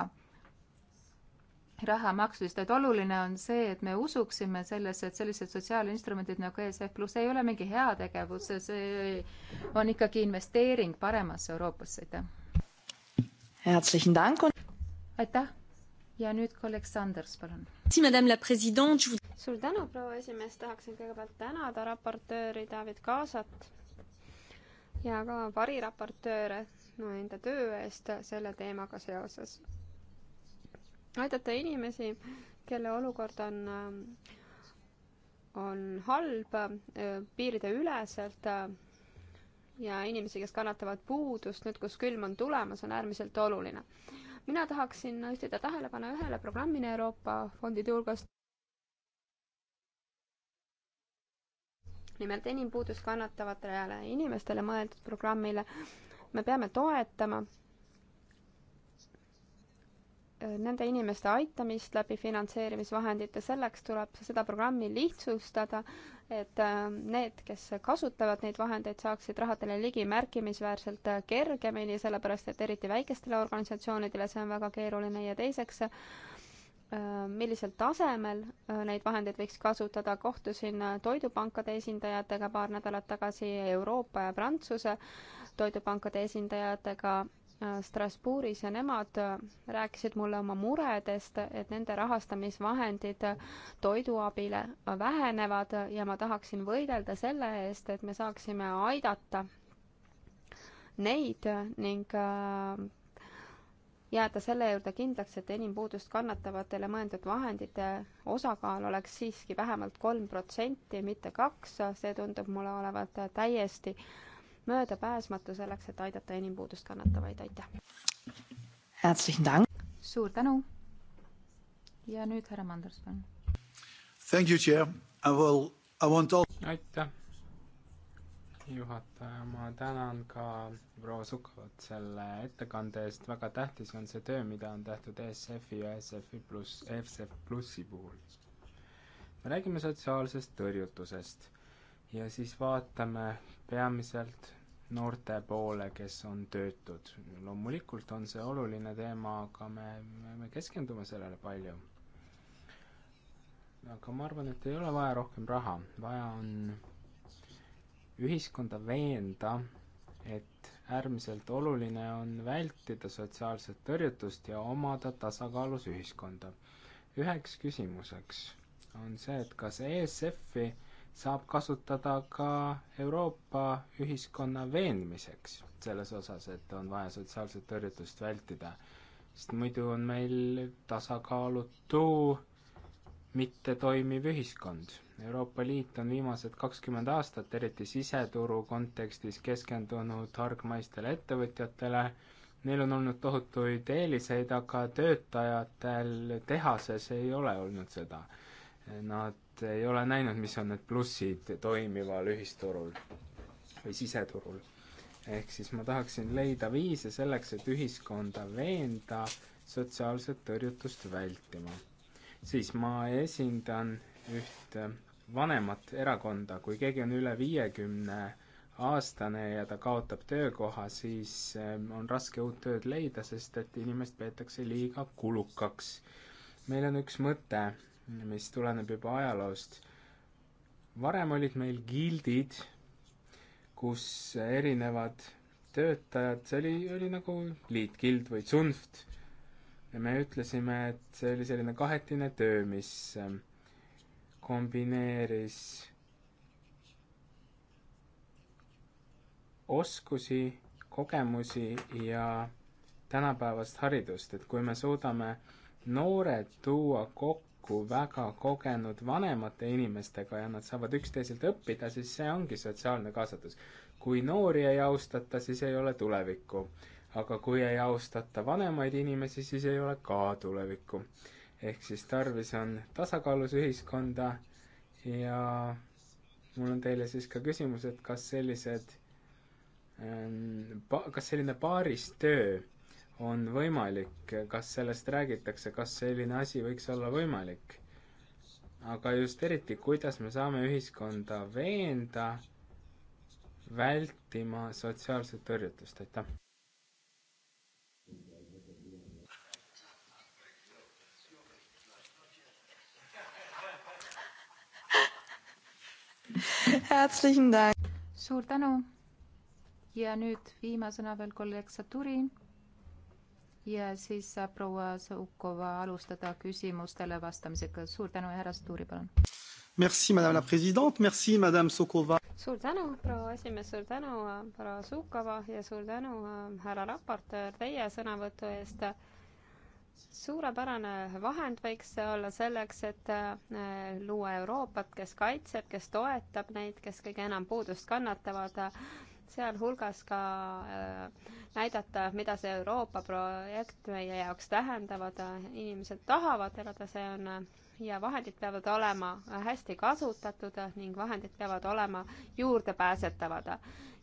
raha maksmist, vaid oluline on see, et me usuksime sellesse, et sellised sotsiaalinstrumendid nagu ESF pluss ei ole mingi heategevus, see on ikkagi investeering paremasse Euroopasse, aitäh. aitäh ja nüüd kolleeg Sanders, palun suur tänu, proua esimees, tahaksin kõigepealt tänada raportööri David Kaasat ja ka variraportööre no, enda töö eest selle teemaga seoses. aidata inimesi, kelle olukord on, on halb piirideüleselt ja inimesi, kes kannatavad puudust nüüd, kus külm on tulemas, on äärmiselt oluline mina tahaksin juhtida tähelepanu ühele programmile Euroopa fondide hulgast. nimelt enim puudust kannatavatele inimestele mõeldud programmile. me peame toetama nende inimeste aitamist läbi finantseerimisvahendite, selleks tuleb seda programmi lihtsustada et äh, need, kes kasutavad neid vahendeid, saaksid rahadele ligi märkimisväärselt kergemini, sellepärast et eriti väikestele organisatsioonidele see on väga keeruline ja teiseks, äh, millisel tasemel äh, neid vahendeid võiks kasutada, kohtusin toidupankade esindajatega paar nädalat tagasi, Euroopa ja Prantsuse toidupankade esindajatega Äh, Strasbourgis ja nemad äh, rääkisid mulle oma muredest, et nende rahastamisvahendid toiduabile vähenevad ja ma tahaksin võidelda selle eest, et me saaksime aidata neid ning äh, jääda selle juurde kindlaks, et enim puudust kannatavatele mõeldud vahendite osakaal oleks siiski vähemalt kolm protsenti, mitte kaks, see tundub mulle olevat täiesti äh, möödapääsmatu selleks, et aidata enim puudust kannatavaid, aitäh! suur tänu! ja nüüd härra Manders, palun! Thank you, chair! I will, I want all aitäh! juhataja, ma tänan ka proua Sukkovat selle ettekande eest, väga tähtis on see töö, mida on tehtud ESF-i ja ESF-i pluss, ESF plussi puhul. me räägime sotsiaalsest tõrjutusest ja siis vaatame, peamiselt noorte poole, kes on töötud. loomulikult on see oluline teema, aga me, me keskendume sellele palju. aga ma arvan, et ei ole vaja rohkem raha, vaja on ühiskonda veenda, et äärmiselt oluline on vältida sotsiaalset tõrjutust ja omada tasakaalus ühiskonda. üheks küsimuseks on see, et kas ESF-i saab kasutada ka Euroopa ühiskonna veenmiseks selles osas, et on vaja sotsiaalset tõrjutust vältida. sest muidu on meil tasakaalutu mittetoimiv ühiskond. Euroopa Liit on viimased kakskümmend aastat, eriti siseturu kontekstis, keskendunud hargmaistele ettevõtjatele, neil on olnud tohutuid eeliseid, aga töötajatel tehases ei ole olnud seda. Nad ei ole näinud, mis on need plussid toimival ühisturul või siseturul. ehk siis ma tahaksin leida viise selleks, et ühiskonda veenda sotsiaalset tõrjutust vältima. siis ma esindan ühte vanemat erakonda, kui keegi on üle viiekümne aastane ja ta kaotab töökoha, siis eh, on raske uut tööd leida, sest et inimest peetakse liiga kulukaks. meil on üks mõte mis tuleneb juba ajaloost. varem olid meil gildid, kus erinevad töötajad, see oli, oli nagu liitgild või tsunft. ja me ütlesime, et see oli selline kahetine töö, mis ähm, kombineeris oskusi, kogemusi ja tänapäevast haridust, et kui me suudame noored tuua kokku kokku väga kogenud vanemate inimestega ja nad saavad üksteiselt õppida, siis see ongi sotsiaalne kaasatus. kui noori ei austata, siis ei ole tulevikku. aga kui ei austata vanemaid inimesi, siis ei ole ka tulevikku. ehk siis tarvis on tasakaalus ühiskonda ja mul on teile siis ka küsimus, et kas sellised, ähm, kas selline paaristöö on võimalik, kas sellest räägitakse, kas selline asi võiks olla võimalik. aga just eriti, kuidas me saame ühiskonda veenda vältima sotsiaalset tõrjutust, aitäh! suur tänu ja nüüd viimasena veel kolleeg Saturi ja siis saab äh, proua Sõukova alustada küsimustele vastamisega. suur tänu ja härra Stuuri, palun. Merci, madame la présidente, merci, madame Sokova. suur tänu, proua esimees, suur tänu, äh, proua Sukova ja suur tänu, äh, härra raportöör, teie sõnavõtu eest suurepärane vahend võiks see olla selleks, et luua Euroopat, kes kaitseb, kes toetab neid, kes kõige enam puudust kannatavad sealhulgas ka äh, näidata, mida see Euroopa projekt meie jaoks tähendavad, inimesed tahavad elada, see on äh, ja vahendid peavad olema äh, hästi kasutatud ning vahendid peavad olema juurdepääsetavad.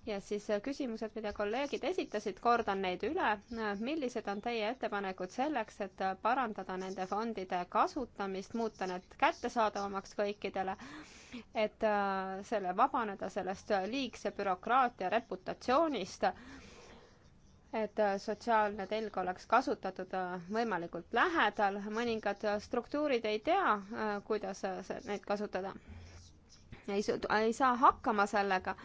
ja siis küsimused, mida kolleegid esitasid, kordan neid üle. millised on teie ettepanekud selleks, et parandada nende fondide kasutamist, muuta need kättesaadavamaks kõikidele? et äh, selle vabaneda sellest äh, liigse bürokraatia reputatsioonist, et äh, sotsiaalne telg oleks kasutatud võimalikult lähedal, mõningad struktuurid ei tea, kuidas neid kasutada. ei, ei saa hakkama sellega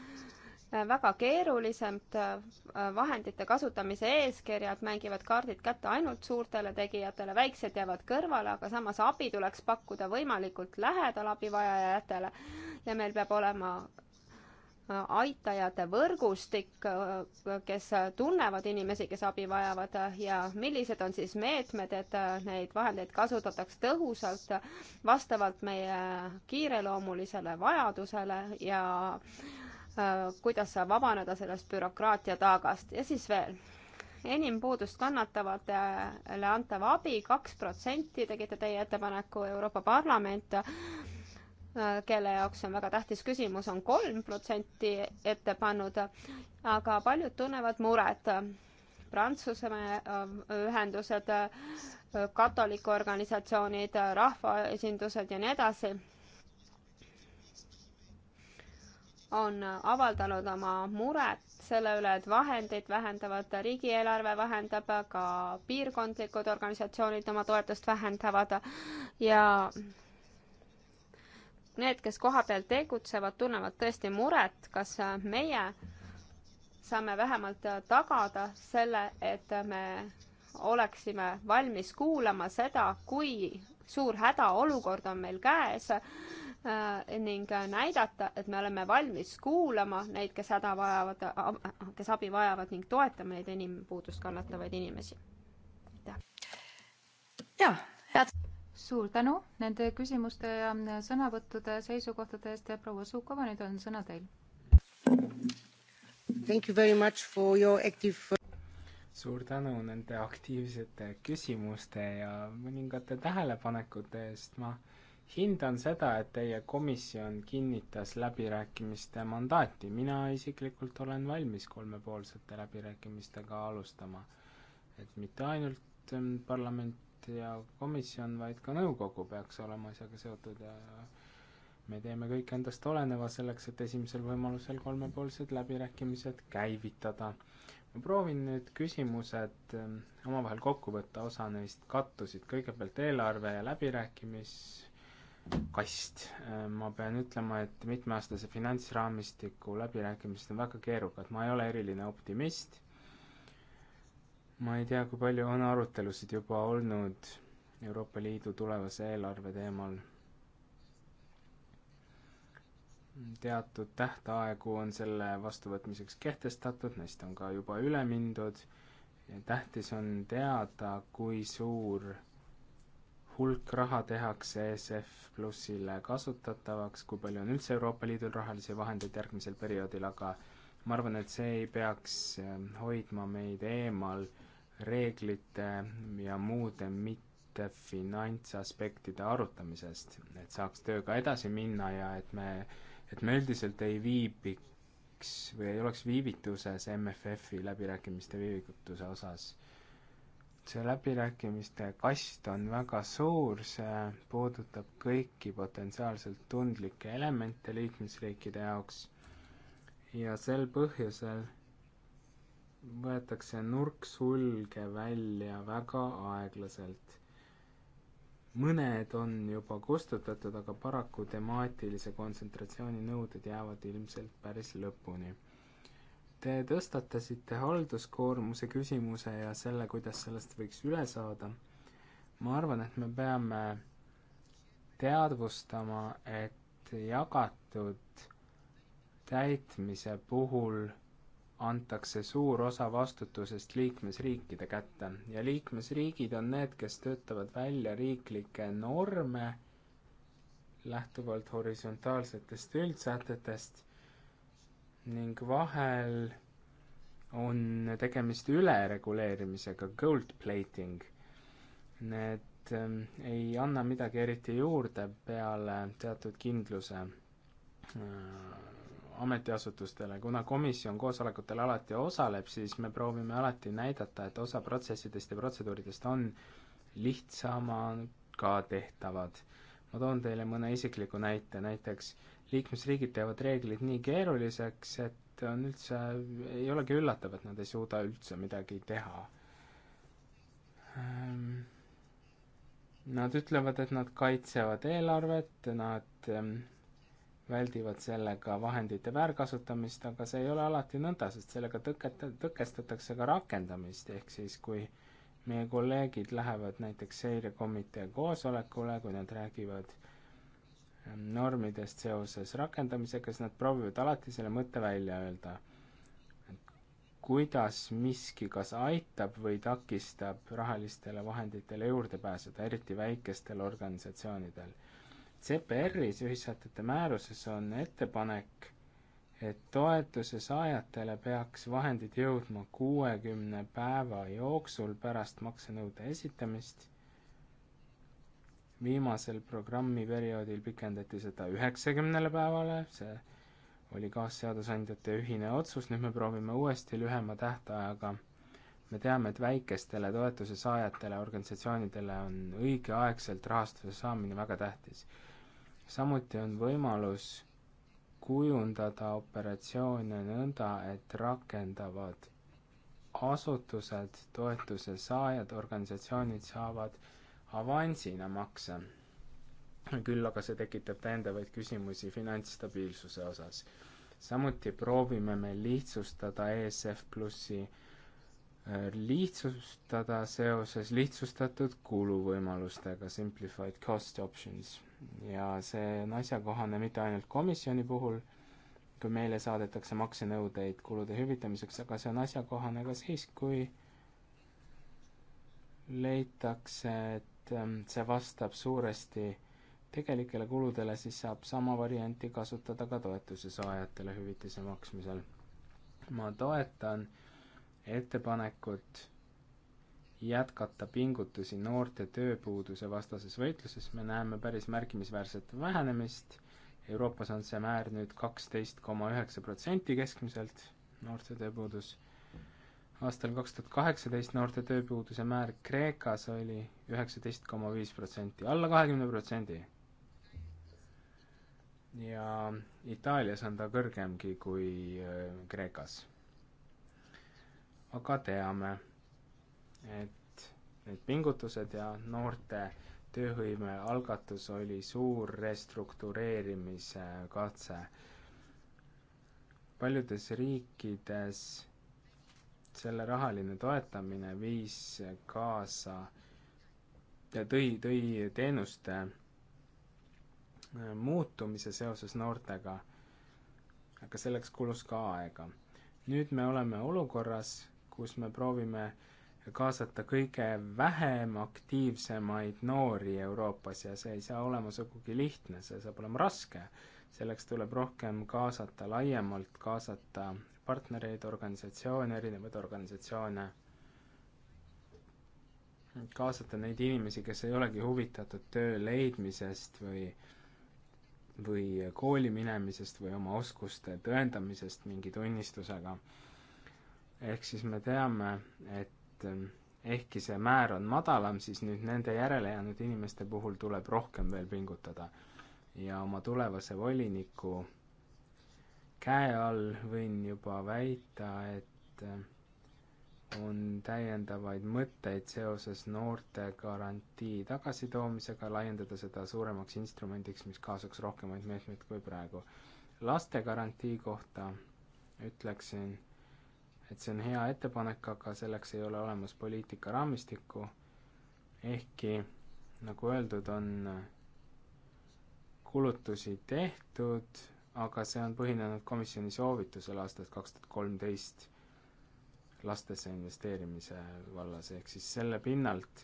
Äh, väga keerulisemad äh, vahendite kasutamise eeskirjad mängivad kaardid kätte ainult suurtele tegijatele, väiksed jäävad kõrvale, aga samas abi tuleks pakkuda võimalikult lähedal abivajajatele ja meil peab olema äh, aitajate võrgustik, kes tunnevad inimesi, kes abi vajavad ja millised on siis meetmed, et neid vahendeid kasutataks tõhusalt vastavalt meie kiireloomulisele vajadusele ja äh, Äh, kuidas vabaneda sellest bürokraatia taagast ja siis veel enim puudust kannatavatele antav abi, kaks protsenti tegite teie ettepaneku, Euroopa Parlament, äh, kelle jaoks on väga tähtis küsimus on, on kolm protsenti ette pannud, aga paljud tunnevad muret. Prantsuse äh, ühendused, katoliku organisatsioonid, rahvaesindused ja nii edasi on avaldanud oma muret selle üle, et vahendeid vähendavad, riigieelarve vähendab, ka piirkondlikud organisatsioonid oma toetust vähendavad ja need, kes kohapeal tegutsevad, tunnevad tõesti muret, kas meie saame vähemalt tagada selle, et me oleksime valmis kuulama seda, kui suur hädaolukord on meil käes Äh, ning äh, näidata, et me oleme valmis kuulama neid, kes häda vajavad, kes abi vajavad ning toetame neid enim puudust kannatavaid inimesi. aitäh! jaa, head suur tänu nende küsimuste ja äh, sõnavõttude, seisukohtade eest ja proua Sukova, nüüd on sõna teil. Thank you very much for your active suur tänu nende aktiivsete küsimuste ja mõningate tähelepanekute eest, ma hindan seda, et teie komisjon kinnitas läbirääkimiste mandaati, mina isiklikult olen valmis kolmepoolsete läbirääkimistega alustama. et mitte ainult ähm, parlament ja komisjon, vaid ka nõukogu peaks olema asjaga seotud ja me teeme kõik endast oleneva selleks, et esimesel võimalusel kolmepoolsed läbirääkimised käivitada. ma proovin nüüd küsimused ähm, omavahel kokku võtta, osa neist kattusid, kõigepealt eelarve ja läbirääkimis kast. Äh, ma pean ütlema, et mitmeaastase finantsraamistiku läbirääkimised on väga keerukad, ma ei ole eriline optimist, ma ei tea, kui palju on arutelusid juba olnud Euroopa Liidu tulevase eelarve teemal. teatud tähtaegu on selle vastuvõtmiseks kehtestatud, neist on ka juba üle mindud ja tähtis on teada, kui suur hulk raha tehakse ESF Plussile kasutatavaks, kui palju on üldse Euroopa Liidul rahalisi vahendeid järgmisel perioodil, aga ma arvan, et see ei peaks ähm, hoidma meid eemal reeglite ja muude mitte finantsaspektide arutamisest, et saaks tööga edasi minna ja et me, et me üldiselt ei viibiks või ei oleks viivituses MFF-i läbirääkimiste viivituse osas see läbirääkimiste kast on väga suur, see puudutab kõiki potentsiaalselt tundlikke elemente liikmesriikide jaoks ja sel põhjusel võetakse nurksulge välja väga aeglaselt. mõned on juba kustutatud, aga paraku temaatilise kontsentratsiooni nõuded jäävad ilmselt päris lõpuni Te tõstatasite halduskoormuse küsimuse ja selle, kuidas sellest võiks üle saada. ma arvan, et me peame teadvustama, et jagatud täitmise puhul antakse suur osa vastutusest liikmesriikide kätte ja liikmesriigid on need, kes töötavad välja riiklikke norme lähtuvalt horisontaalsetest üldsätetest ning vahel on tegemist ülereguleerimisega, gold plating. Need ähm, ei anna midagi eriti juurde peale teatud kindluse äh, ametiasutustele. kuna komisjon koosolekutel alati osaleb, siis me proovime alati näidata, et osa protsessidest ja protseduuridest on lihtsama ka tehtavad. ma toon teile mõne isikliku näite, näiteks liikmesriigid teevad reeglid nii keeruliseks, et on üldse, ei olegi üllatav, et nad ei suuda üldse midagi teha. Ehm, nad ütlevad, et nad kaitsevad eelarvet, nad ehm, väldivad sellega vahendite väärkasutamist, aga see ei ole alati nõnda, sest sellega tõketa-, tõkestatakse ka rakendamist, ehk siis kui meie kolleegid lähevad näiteks seirekomitee koosolekule, kui nad räägivad äh, normidest seoses rakendamisega, siis nad proovivad alati selle mõtte välja öelda. kuidas miski kas aitab või takistab rahalistele vahenditele juurde pääseda, eriti väikestel organisatsioonidel. CPR-is, ühissätete määruses, on ettepanek, et toetuse saajatele peaks vahendid jõudma kuuekümne päeva jooksul pärast maksenõude esitamist viimasel programmiperioodil pikendati seda üheksakümnele päevale, see oli kaasseadusandjate ühine otsus, nüüd me proovime uuesti lühema tähtajaga. me teame, et väikestele toetuse saajatele, organisatsioonidele on õigeaegselt rahastuse saamine väga tähtis. samuti on võimalus kujundada operatsioone nõnda, et rakendavad asutused, toetuse saajad, organisatsioonid saavad äh, avansina makse. küll aga see tekitab täiendavaid küsimusi finantsstabiilsuse osas. samuti proovime me lihtsustada ESF Plussi äh, lihtsustada seoses lihtsustatud kuluvõimalustega, simplified cost options. ja see on asjakohane mitte ainult komisjoni puhul, kui meile saadetakse maksenõudeid kulude hüvitamiseks, aga see on asjakohane ka siis, kui leitakse, et Ähm, see vastab suuresti tegelikele kuludele, siis saab sama varianti kasutada ka toetuse saajatele hüvitise maksmisel. ma toetan ettepanekut jätkata pingutusi noorte tööpuuduse vastases võitluses, me näeme päris märkimisväärset vähenemist, Euroopas on see määr nüüd kaksteist koma üheksa protsenti keskmiselt, noorte tööpuudus aastal kaks tuhat kaheksateist noorte tööpuuduse määr Kreekas oli üheksateist koma viis protsenti, alla kahekümne protsendi. ja Itaalias on ta kõrgemgi kui äh, Kreekas. aga teame, et need pingutused ja noorte tööhõime algatus oli suur restruktureerimise katse. paljudes riikides selle rahaline toetamine viis kaasa, tõi, tõi teenuste äh, muutumise seoses noortega, aga selleks kulus ka aega. nüüd me oleme olukorras, kus me proovime kaasata kõige vähem aktiivsemaid noori Euroopas ja see ei saa olema sugugi lihtne, see saab olema raske. selleks tuleb rohkem kaasata laiemalt, kaasata partnereid, organisatsioone, erinevaid organisatsioone, kaasata neid inimesi, kes ei olegi huvitatud töö leidmisest või või kooli minemisest või oma oskuste tõendamisest mingi tunnistusega. ehk siis me teame, et ähm, ehkki see määr on madalam, siis nüüd nende järelejäänud inimeste puhul tuleb rohkem veel pingutada ja oma tulevase voliniku käe all võin juba väita, et äh, on täiendavaid mõtteid seoses noorte garantii tagasitoomisega, laiendada seda suuremaks instrumendiks, mis kaasaks rohkemaid meetmeid kui praegu. laste garantii kohta ütleksin, et see on hea ettepanek, aga selleks ei ole olemas poliitikaraamistikku, ehkki nagu öeldud, on äh, kulutusi tehtud aga see on põhinenud komisjoni soovitusel aastast kaks tuhat kolmteist lastesse investeerimise vallas, ehk siis selle pinnalt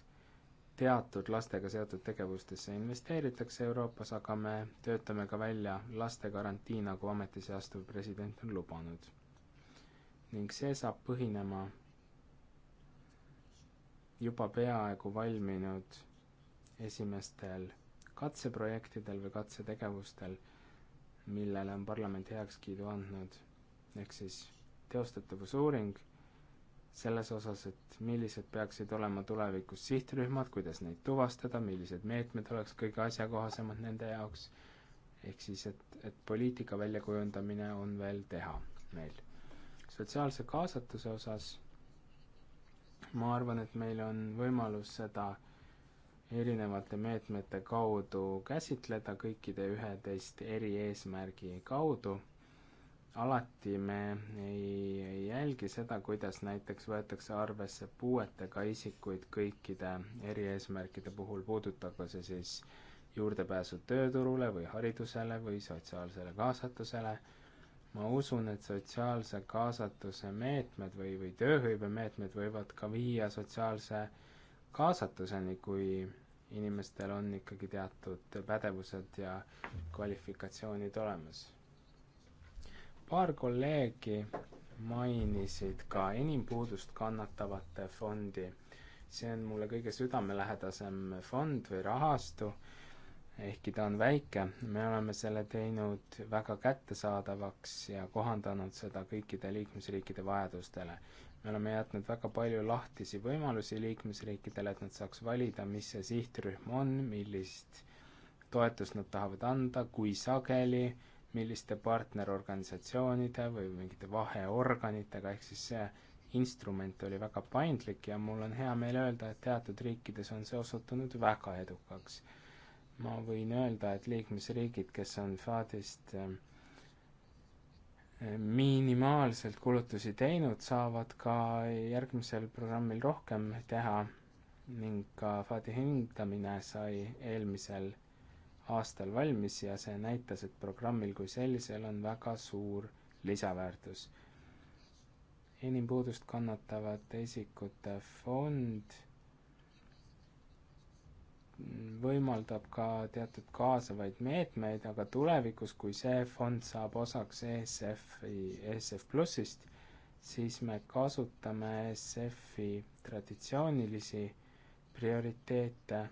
teatud lastega seotud tegevustesse investeeritakse Euroopas, aga me töötame ka välja lastegarantii, nagu ametisse astuv president on lubanud. ning see saab põhinema juba peaaegu valminud esimestel katseprojektidel või katsetegevustel millele on parlament heakskiidu andnud, ehk siis teostatavusuuring selles osas, et millised peaksid olema tulevikus sihtrühmad, kuidas neid tuvastada, millised meetmed oleks kõige asjakohasemad nende jaoks, ehk siis, et, et poliitika väljakujundamine on veel teha meil. sotsiaalse kaasatuse osas ma arvan, et meil on võimalus seda äh, erinevate meetmete kaudu käsitleda, kõikide üheteist eri eesmärgi kaudu. alati me ei jälgi seda, kuidas näiteks võetakse arvesse puuetega isikuid kõikide eri eesmärkide puhul, puudutagu see siis juurdepääsu tööturule või haridusele või sotsiaalsele kaasatusele. ma usun, et sotsiaalse kaasatuse meetmed või, või tööhõivemeetmed võivad ka viia sotsiaalse äh, kaasatuseni, kui inimestel on ikkagi teatud pädevused ja kvalifikatsioonid olemas. paar kolleegi mainisid ka enim puudust kannatavate fondi. see on mulle kõige südamelähedasem fond või rahastu, ehkki ta on väike, me oleme selle teinud väga kättesaadavaks ja kohandanud seda kõikide liikmesriikide vajadustele me oleme jätnud väga palju lahtisi võimalusi liikmesriikidele, et nad saaks valida, mis see sihtrühm on, millist toetust nad tahavad anda, kui sageli, milliste partnerorganisatsioonide või mingite vaheorganitega, ehk siis see instrument oli väga paindlik ja mul on hea meel öelda, et teatud riikides on see osutunud väga edukaks. ma võin öelda, et liikmesriigid, kes on FAD-ist äh, ehm, minimaalselt kulutusi teinud, saavad ka järgmisel programmil rohkem teha ning ka FATi hindamine sai eelmisel aastal valmis ja see näitas, et programmil kui sellisel on väga suur lisaväärtus. enim puudust kannatavate isikute fond võimaldab ka teatud kaasavaid meetmeid, aga tulevikus, kui see fond saab osaks ESF-i, ESF plussist, siis me kasutame ESF-i traditsioonilisi prioriteete.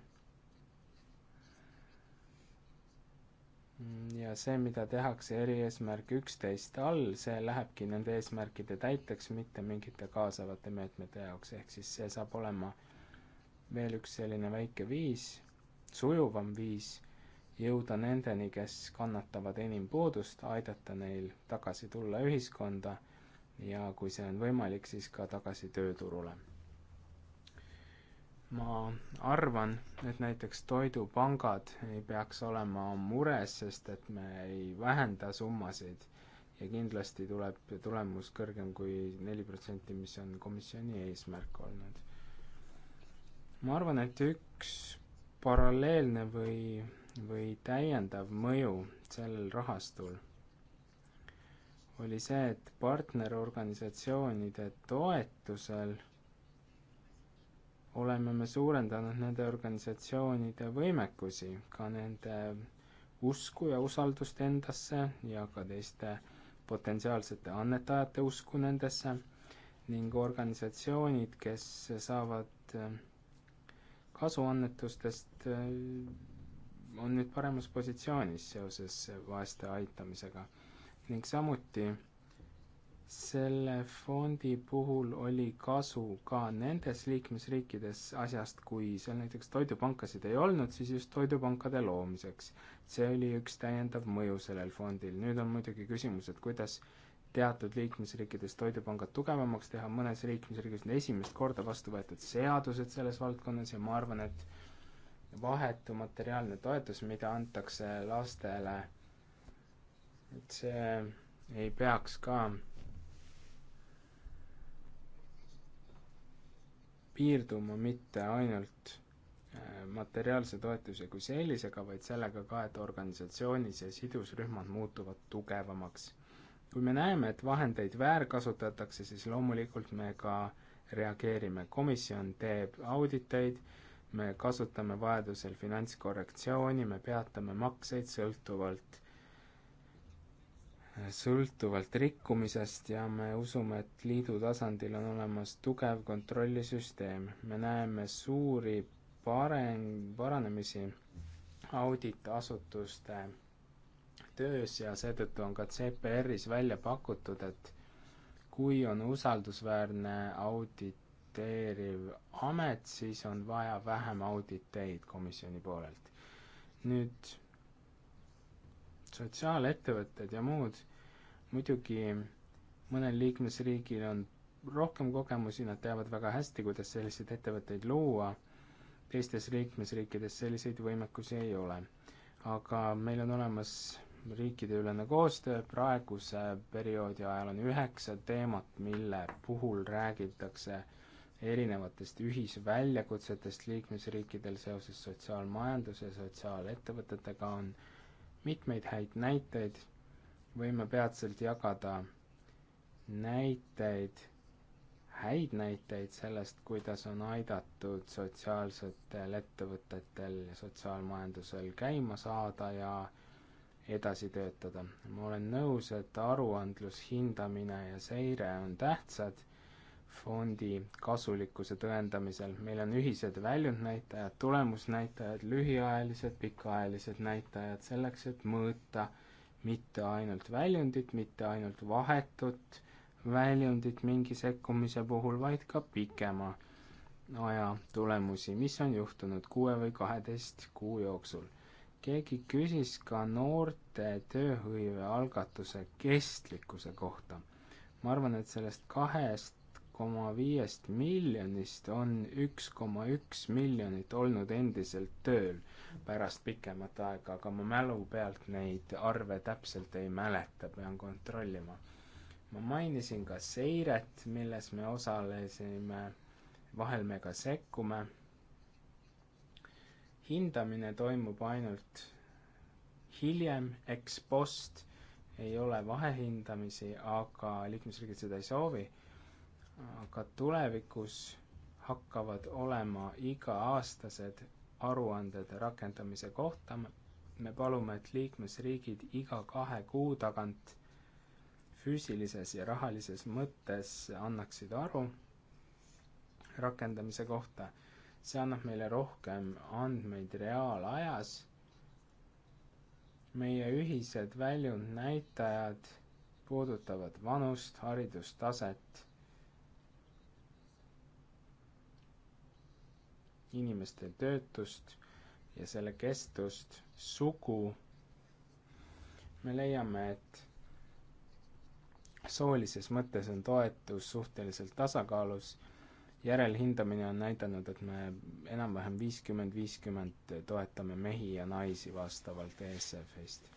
ja see, mida tehakse erieesmärk üksteist all, see lähebki nende eesmärkide täiteks, mitte mingite kaasavate meetmete jaoks, ehk siis see saab olema äh, veel üks selline väike viis, sujuvam viis jõuda nendeni, kes kannatavad enim puudust, aidata neil tagasi tulla ühiskonda ja kui see on võimalik, siis ka tagasi tööturule. ma arvan, et näiteks toidupangad ei peaks olema mures, sest et me ei vähenda summasid ja kindlasti tuleb tulemus kõrgem kui neli protsenti, mis on komisjoni eesmärk olnud ma arvan, et üks paralleelne või, või täiendav mõju sellel rahastul oli see, et partnerorganisatsioonide toetusel oleme me suurendanud nende organisatsioonide võimekusi, ka nende usku ja usaldust endasse ja ka teiste potentsiaalsete annetajate usku nendesse ning organisatsioonid, kes saavad kasuannetustest äh, on nüüd paremas positsioonis seoses vaeste aitamisega ning samuti selle fondi puhul oli kasu ka nendes liikmesriikides asjast, kui seal näiteks toidupankasid ei olnud, siis just toidupankade loomiseks. see oli üks täiendav mõju sellel fondil, nüüd on muidugi küsimus, et kuidas äh, teatud liikmesriikides toidupangad tugevamaks teha, mõnes liikmesriigis on esimest korda vastu võetud seadused selles valdkonnas ja ma arvan, et vahetu materiaalne toetus, mida antakse lastele, et see ei peaks ka piirduma mitte ainult äh, materiaalse toetuse kui sellisega, vaid sellega ka, et organisatsioonis ja sidusrühmad muutuvad tugevamaks kui me näeme, et vahendeid väärkasutatakse, siis loomulikult me ka reageerime, komisjon teeb auditeid, me kasutame vajadusel finantskorrektsiooni, me peatame makseid sõltuvalt, sõltuvalt rikkumisest ja me usume, et liidu tasandil on olemas tugev kontrollisüsteem. me näeme suuri pareng, paranemisi auditasutuste töös ja seetõttu on ka CPR-is välja pakutud, et kui on usaldusväärne auditeeriv amet, siis on vaja vähem auditeid komisjoni poolelt. nüüd sotsiaalettevõtted ja muud, muidugi mõnel liikmesriigil on rohkem kogemusi, nad teavad väga hästi, kuidas selliseid ettevõtteid luua, teistes liikmesriikides selliseid võimekusi ei ole. aga meil on olemas riikideülene koostöö praeguse perioodi ajal on üheksa teemat, mille puhul räägitakse erinevatest ühisväljakutsetest liikmesriikidel seoses sotsiaalmajanduse ja sotsiaalettevõtetega on mitmeid häid näiteid, võime peatselt jagada näiteid, häid näiteid sellest, kuidas on aidatud sotsiaalsetel ettevõtetel ja sotsiaalmajandusel käima saada ja äh, edasi töötada. ma olen nõus, et aruandlus, hindamine ja seire on tähtsad fondi kasulikkuse tõendamisel. meil on ühised väljundnäitajad, tulemusnäitajad, lühiajalised, pikaajalised näitajad selleks, et mõõta mitte ainult väljundit, mitte ainult vahetut väljundit mingi sekkumise puhul, vaid ka pikema aja tulemusi, mis on juhtunud kuue või kaheteist kuu jooksul keegi küsis ka noorte tööhõive algatuse kestlikkuse kohta. ma arvan, et sellest kahest koma viiest miljonist on üks koma üks miljonit olnud endiselt tööl pärast pikemat aega, aga ma mälu pealt neid arve täpselt ei mäleta, pean kontrollima. ma mainisin ka seiret, milles me osalesime, vahel me ka sekkume hindamine toimub ainult hiljem, ex post, ei ole vahehindamisi, aga liikmesriigid seda ei soovi. aga tulevikus hakkavad olema iga-aastased aruanded rakendamise kohta, me palume, et liikmesriigid iga kahe kuu tagant füüsilises ja rahalises mõttes annaksid aru rakendamise kohta see annab meile rohkem andmeid reaalajas. meie ühised väljundnäitajad puudutavad vanust, haridustaset, inimeste töötust ja selle kestust, sugu. me leiame, et soolises mõttes on toetus suhteliselt tasakaalus järelhindamine on näidanud, et me enam-vähem viiskümmend, viiskümmend toetame mehi ja naisi vastavalt ESF-ist.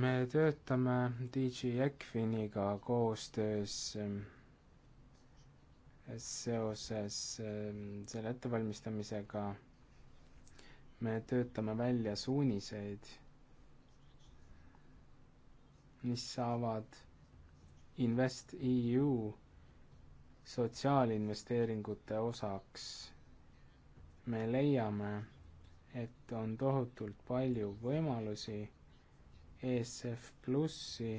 me töötame DJ Ekfiniga koostöös ehm, seoses ehm, selle ettevalmistamisega me töötame välja suuniseid, mis saavad InvestEU sotsiaalinvesteeringute osaks me leiame, et on tohutult palju võimalusi ESF Plussi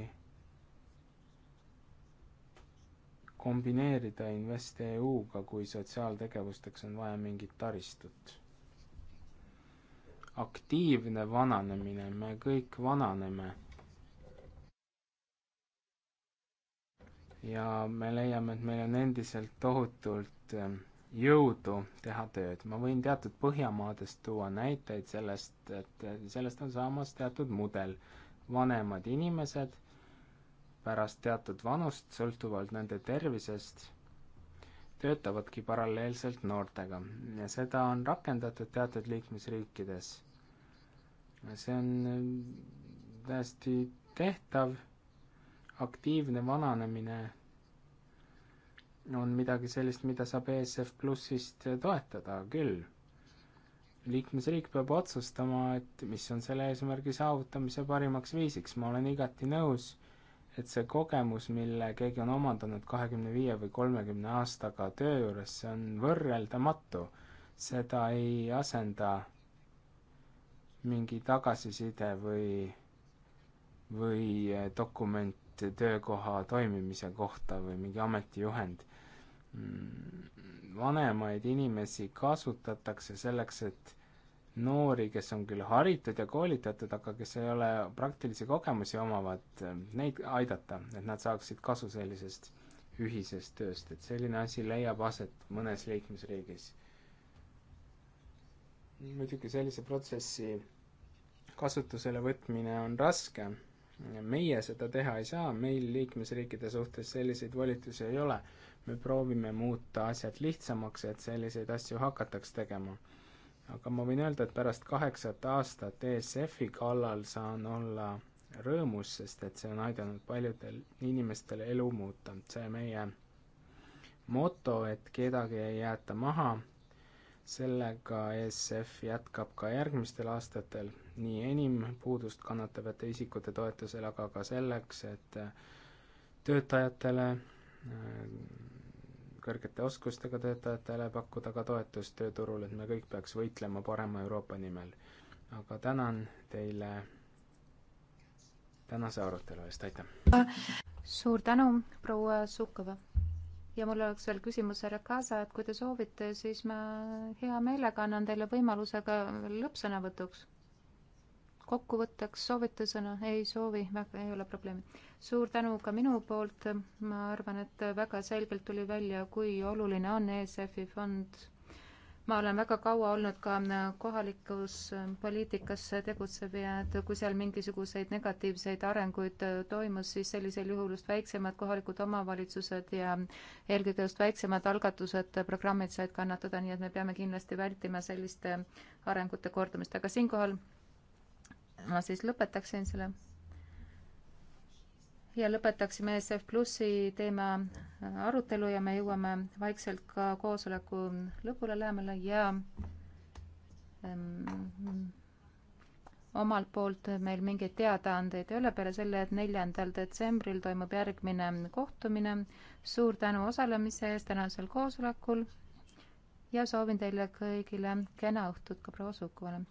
kombineerida InvestEU-ga, kui sotsiaaltegevusteks on vaja mingit taristut. aktiivne vananemine, me kõik vananeme ja me leiame, et meil on endiselt tohutult ähm, jõudu teha tööd. ma võin teatud Põhjamaadest tuua näiteid sellest, et äh, sellest on saamas teatud mudel. vanemad inimesed pärast teatud vanust, sõltuvalt nende tervisest, töötavadki paralleelselt noortega ja seda on rakendatud teatud liikmesriikides. see on äh, täiesti tehtav aktiivne vananemine on midagi sellist, mida saab ESF Plussist toetada küll. liikmesriik peab otsustama, et mis on selle eesmärgi saavutamise parimaks viisiks, ma olen igati nõus, et see kogemus, mille keegi on omandanud kahekümne viie või kolmekümne aastaga töö juures, see on võrreldamatu, seda ei asenda mingi tagasiside või, või dokument töökoha toimimise kohta või mingi ametijuhend. vanemaid inimesi kasutatakse selleks, et noori, kes on küll haritud ja koolitatud, aga kes ei ole praktilisi kogemusi omavad, neid aidata, et nad saaksid kasu sellisest ühisest tööst, et selline asi leiab aset mõnes liikmesriigis. muidugi sellise protsessi kasutusele võtmine on raske meie seda teha ei saa, meil liikmesriikide suhtes selliseid volitusi ei ole. me proovime muuta asjad lihtsamaks, et selliseid asju hakataks tegema. aga ma võin öelda, et pärast kaheksat aastat ESF-i kallal saan olla rõõmus, sest et see on aidanud paljudel inimestel elu muuta. see meie moto, et kedagi ei jäeta maha sellega ESF jätkab ka järgmistel aastatel nii enim puudust kannatavate isikute toetusel, aga ka selleks, et äh, töötajatele, äh, kõrgete oskustega töötajatele pakkuda ka toetust tööturul, et me kõik peaks võitlema parema Euroopa nimel. aga tänan teile tänase arutelu eest, aitäh! suur tänu, proua Sukkova! ja mul oleks veel küsimus härra Kaasa, et kui te soovite, siis ma hea meelega annan teile võimaluse ka lõppsõnavõtuks. kokkuvõtteks soovite sõna? ei soovi, väga ei ole probleemi. suur tänu ka minu poolt, ma arvan, et väga selgelt tuli välja, kui oluline on ESF-i fond ma olen väga kaua olnud ka äh, kohalikus äh, poliitikas tegutsev ja et kui seal mingisuguseid negatiivseid arenguid äh, toimus, siis sellisel juhul just väiksemad kohalikud omavalitsused ja eelkõige just väiksemad algatused, programmid said kannatada, nii et me peame kindlasti vältima selliste arengute kordumist, aga siinkohal ma siis lõpetaksin selle ja lõpetaksime ESF Plussi teema äh, arutelu ja me jõuame vaikselt ka koosoleku lõpule lähemale ja ähm, omalt poolt meil mingeid teadaandeid ei ole peale selle, et neljandal detsembril toimub järgmine kohtumine. suur tänu osalemise eest tänasel koosolekul ja soovin teile kõigile kena õhtut ka proua Sukovale.